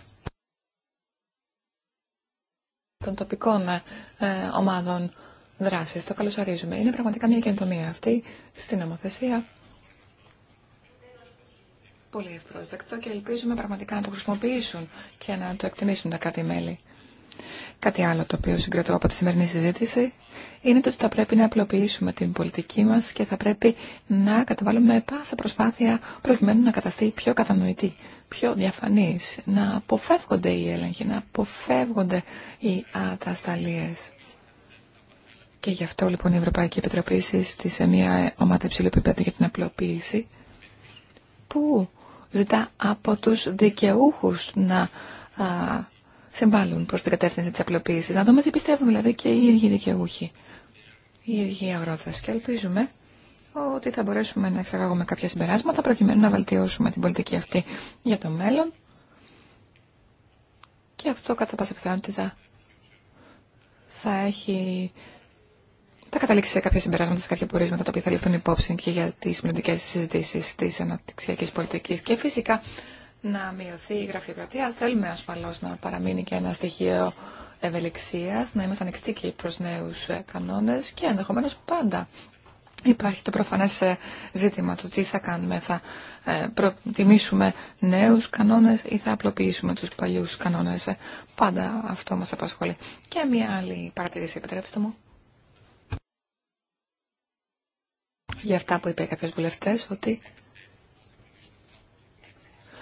των τοπικών ε, ε, ομάδων δράσης. Το καλωσορίζουμε. Είναι πραγματικά μια καινοτομία αυτή στην νομοθεσία. Πολύ ευπρόσδεκτο και ελπίζουμε πραγματικά να το χρησιμοποιήσουν και να το εκτιμήσουν τα κράτη-μέλη. Κάτι άλλο το οποίο συγκρατώ από τη σημερινή συζήτηση είναι το ότι θα πρέπει να απλοποιήσουμε την πολιτική μας και θα πρέπει να καταβάλουμε πάσα προσπάθεια προκειμένου να καταστεί πιο κατανοητή, πιο διαφανής, να αποφεύγονται οι έλεγχοι, να αποφεύγονται οι ατασταλίες. Και γι' αυτό λοιπόν η Ευρωπαϊκή Επιτροπή σε μια ομάδα υψηλού επίπεδου για την απλοποίηση που ζητά από τους δικαιούχους να συμβάλλουν προ την κατεύθυνση τη απλοποίηση. Να δούμε τι πιστεύουν δηλαδή και οι ίδιοι δικαιούχοι, οι ίδιοι αγρότε. Και ελπίζουμε ότι θα μπορέσουμε να εξαγάγουμε κάποια συμπεράσματα προκειμένου να βελτιώσουμε την πολιτική αυτή για το μέλλον. Και αυτό κατά πάσα πιθανότητα θα έχει... Θα καταλήξει σε κάποια συμπεράσματα, σε κάποια πορίσματα τα οποία θα ληφθούν υπόψη και για τι μελλοντικέ συζητήσει τη αναπτυξιακή πολιτική. Και φυσικά να μειωθεί η γραφειοκρατία. Θέλουμε ασφαλώς να παραμείνει και ένα στοιχείο ευελιξία. να είμαστε ανοιχτοί και προς νέους ε, κανόνες και ενδεχομένω πάντα υπάρχει το προφανές ε, ζήτημα του τι θα κάνουμε, θα ε, προτιμήσουμε νέους κανόνες ή θα απλοποιήσουμε τους παλιούς κανόνες. Πάντα αυτό μας απασχολεί. Και μια άλλη παρατηρήση, επιτρέψτε μου. Για αυτά που είπε κάποιος βουλευτές, ότι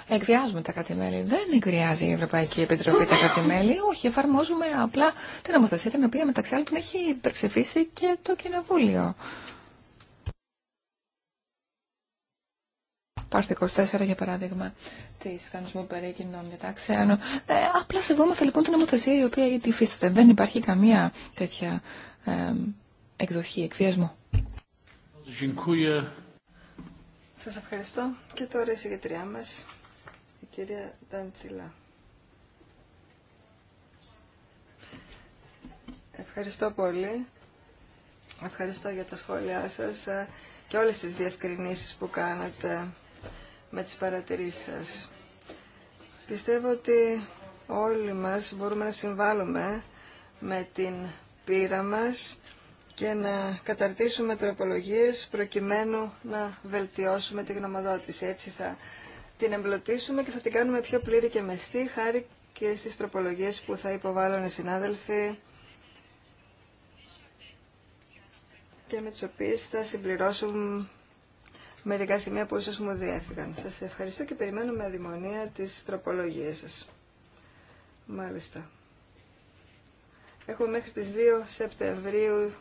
εκβιάζουμε τα κρατημέλη. Δεν εκβιάζει η Ευρωπαϊκή Επιτροπή τα κρατημέλη. Όχι, εφαρμόζουμε απλά την νομοθεσία την οποία μεταξύ άλλων έχει υπερψηφίσει και το Κοινοβούλιο. Το άρθρο 24, για παράδειγμα, τη κανονισμού περί κοινών διατάξεων. Ε, απλά σεβόμαστε λοιπόν την νομοθεσία η οποία ήδη υφίσταται. Δεν υπάρχει καμία τέτοια ε, εκδοχή εκβιασμού. Σας ευχαριστώ και τώρα η συγκεκριά μας. Κυρία Ευχαριστώ πολύ. Ευχαριστώ για τα σχόλιά σας ε, και όλες τις διευκρινήσεις που κάνατε με τις παρατηρήσεις σας. Πιστεύω ότι όλοι μας μπορούμε να συμβάλλουμε με την πείρα μας και να καταρτήσουμε τροπολογίες προκειμένου να βελτιώσουμε τη γνωμοδότηση. Έτσι θα την εμπλωτίσουμε και θα την κάνουμε πιο πλήρη και μεστή, χάρη και στις τροπολογίες που θα υποβάλλουν οι συνάδελφοι και με τις οποίες θα συμπληρώσουν μερικά σημεία που ίσως μου διέφυγαν. Σας ευχαριστώ και περιμένω με αδημονία τις τροπολογίες σας. Μάλιστα. Έχουμε μέχρι τις 2 Σεπτεμβρίου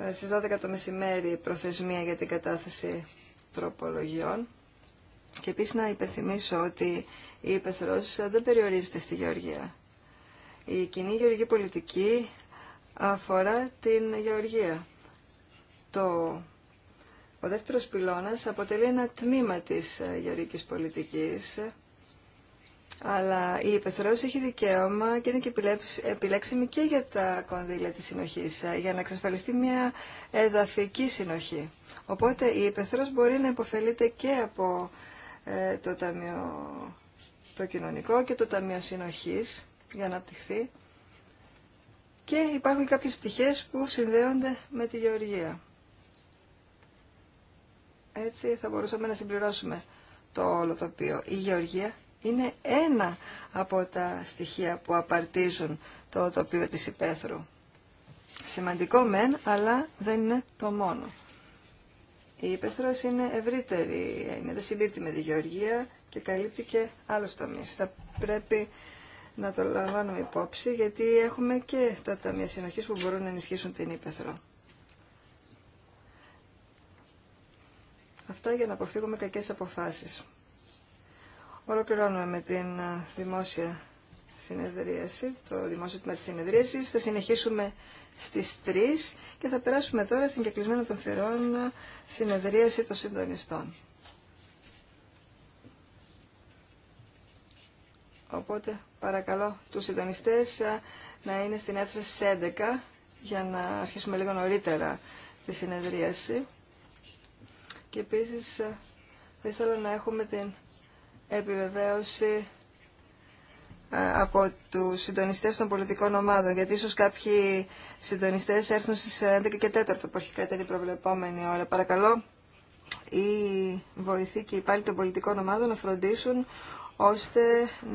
ε, στις 12 το μεσημέρι προθεσμία για την κατάθεση τροπολογιών. Και επίση να υπενθυμίσω ότι η υπεθρός δεν περιορίζεται στη γεωργία. Η κοινή γεωργική πολιτική αφορά την γεωργία. Το, ο δεύτερος πυλώνας αποτελεί ένα τμήμα της γεωργικής πολιτικής, αλλά η υπεθρο έχει δικαίωμα και είναι και επιλέξιμη και για τα κονδύλια της συνοχής, για να εξασφαλιστεί μια εδαφική συνοχή. Οπότε η μπορεί να υποφελείται και από ε, το Ταμείο το Κοινωνικό και το Ταμείο Συνοχής για να απτυχθεί. Και υπάρχουν κάποιες πτυχές που συνδέονται με τη γεωργία. Έτσι θα μπορούσαμε να συμπληρώσουμε το όλο οποίο Η γεωργία είναι ένα από τα στοιχεία που απαρτίζουν το τοπίο της υπαίθρου. Σημαντικό μεν, αλλά δεν είναι το μόνο. Η υπεθρός είναι ευρύτερη, είναι δεν με τη γεωργία και καλύπτει και άλλους τομείς. Θα πρέπει να το λαμβάνουμε υπόψη γιατί έχουμε και τα ταμεία συνοχής που μπορούν να ενισχύσουν την υπεθρό. Αυτά για να αποφύγουμε κακές αποφάσεις. Ολοκληρώνουμε με την δημόσια συνεδρίαση, το δημόσιο τμήμα της συνεδρίασης. Θα συνεχίσουμε στις 3 και θα περάσουμε τώρα στην κεκλεισμένη των θυρών συνεδρίαση των συντονιστών. Οπότε παρακαλώ τους συντονιστές ε, να είναι στην αίθουσα στις 11 για να αρχίσουμε λίγο νωρίτερα τη συνεδρίαση. Και επίσης ε, θα ήθελα να έχουμε την επιβεβαίωση ε, από τους συντονιστές των πολιτικών ομάδων, γιατί ίσως κάποιοι συντονιστές έρθουν στις 11 και 4 που αρχικά ήταν η προβλεπόμενη ώρα. Παρακαλώ, οι βοηθοί και οι υπάλληλοι των πολιτικών ομάδων να φροντίσουν ώστε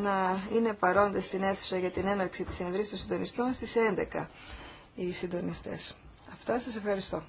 να είναι παρόντες στην αίθουσα για την έναρξη της συνεδρίας των συντονιστών στις 11 οι συντονιστές. Αυτά σας ευχαριστώ.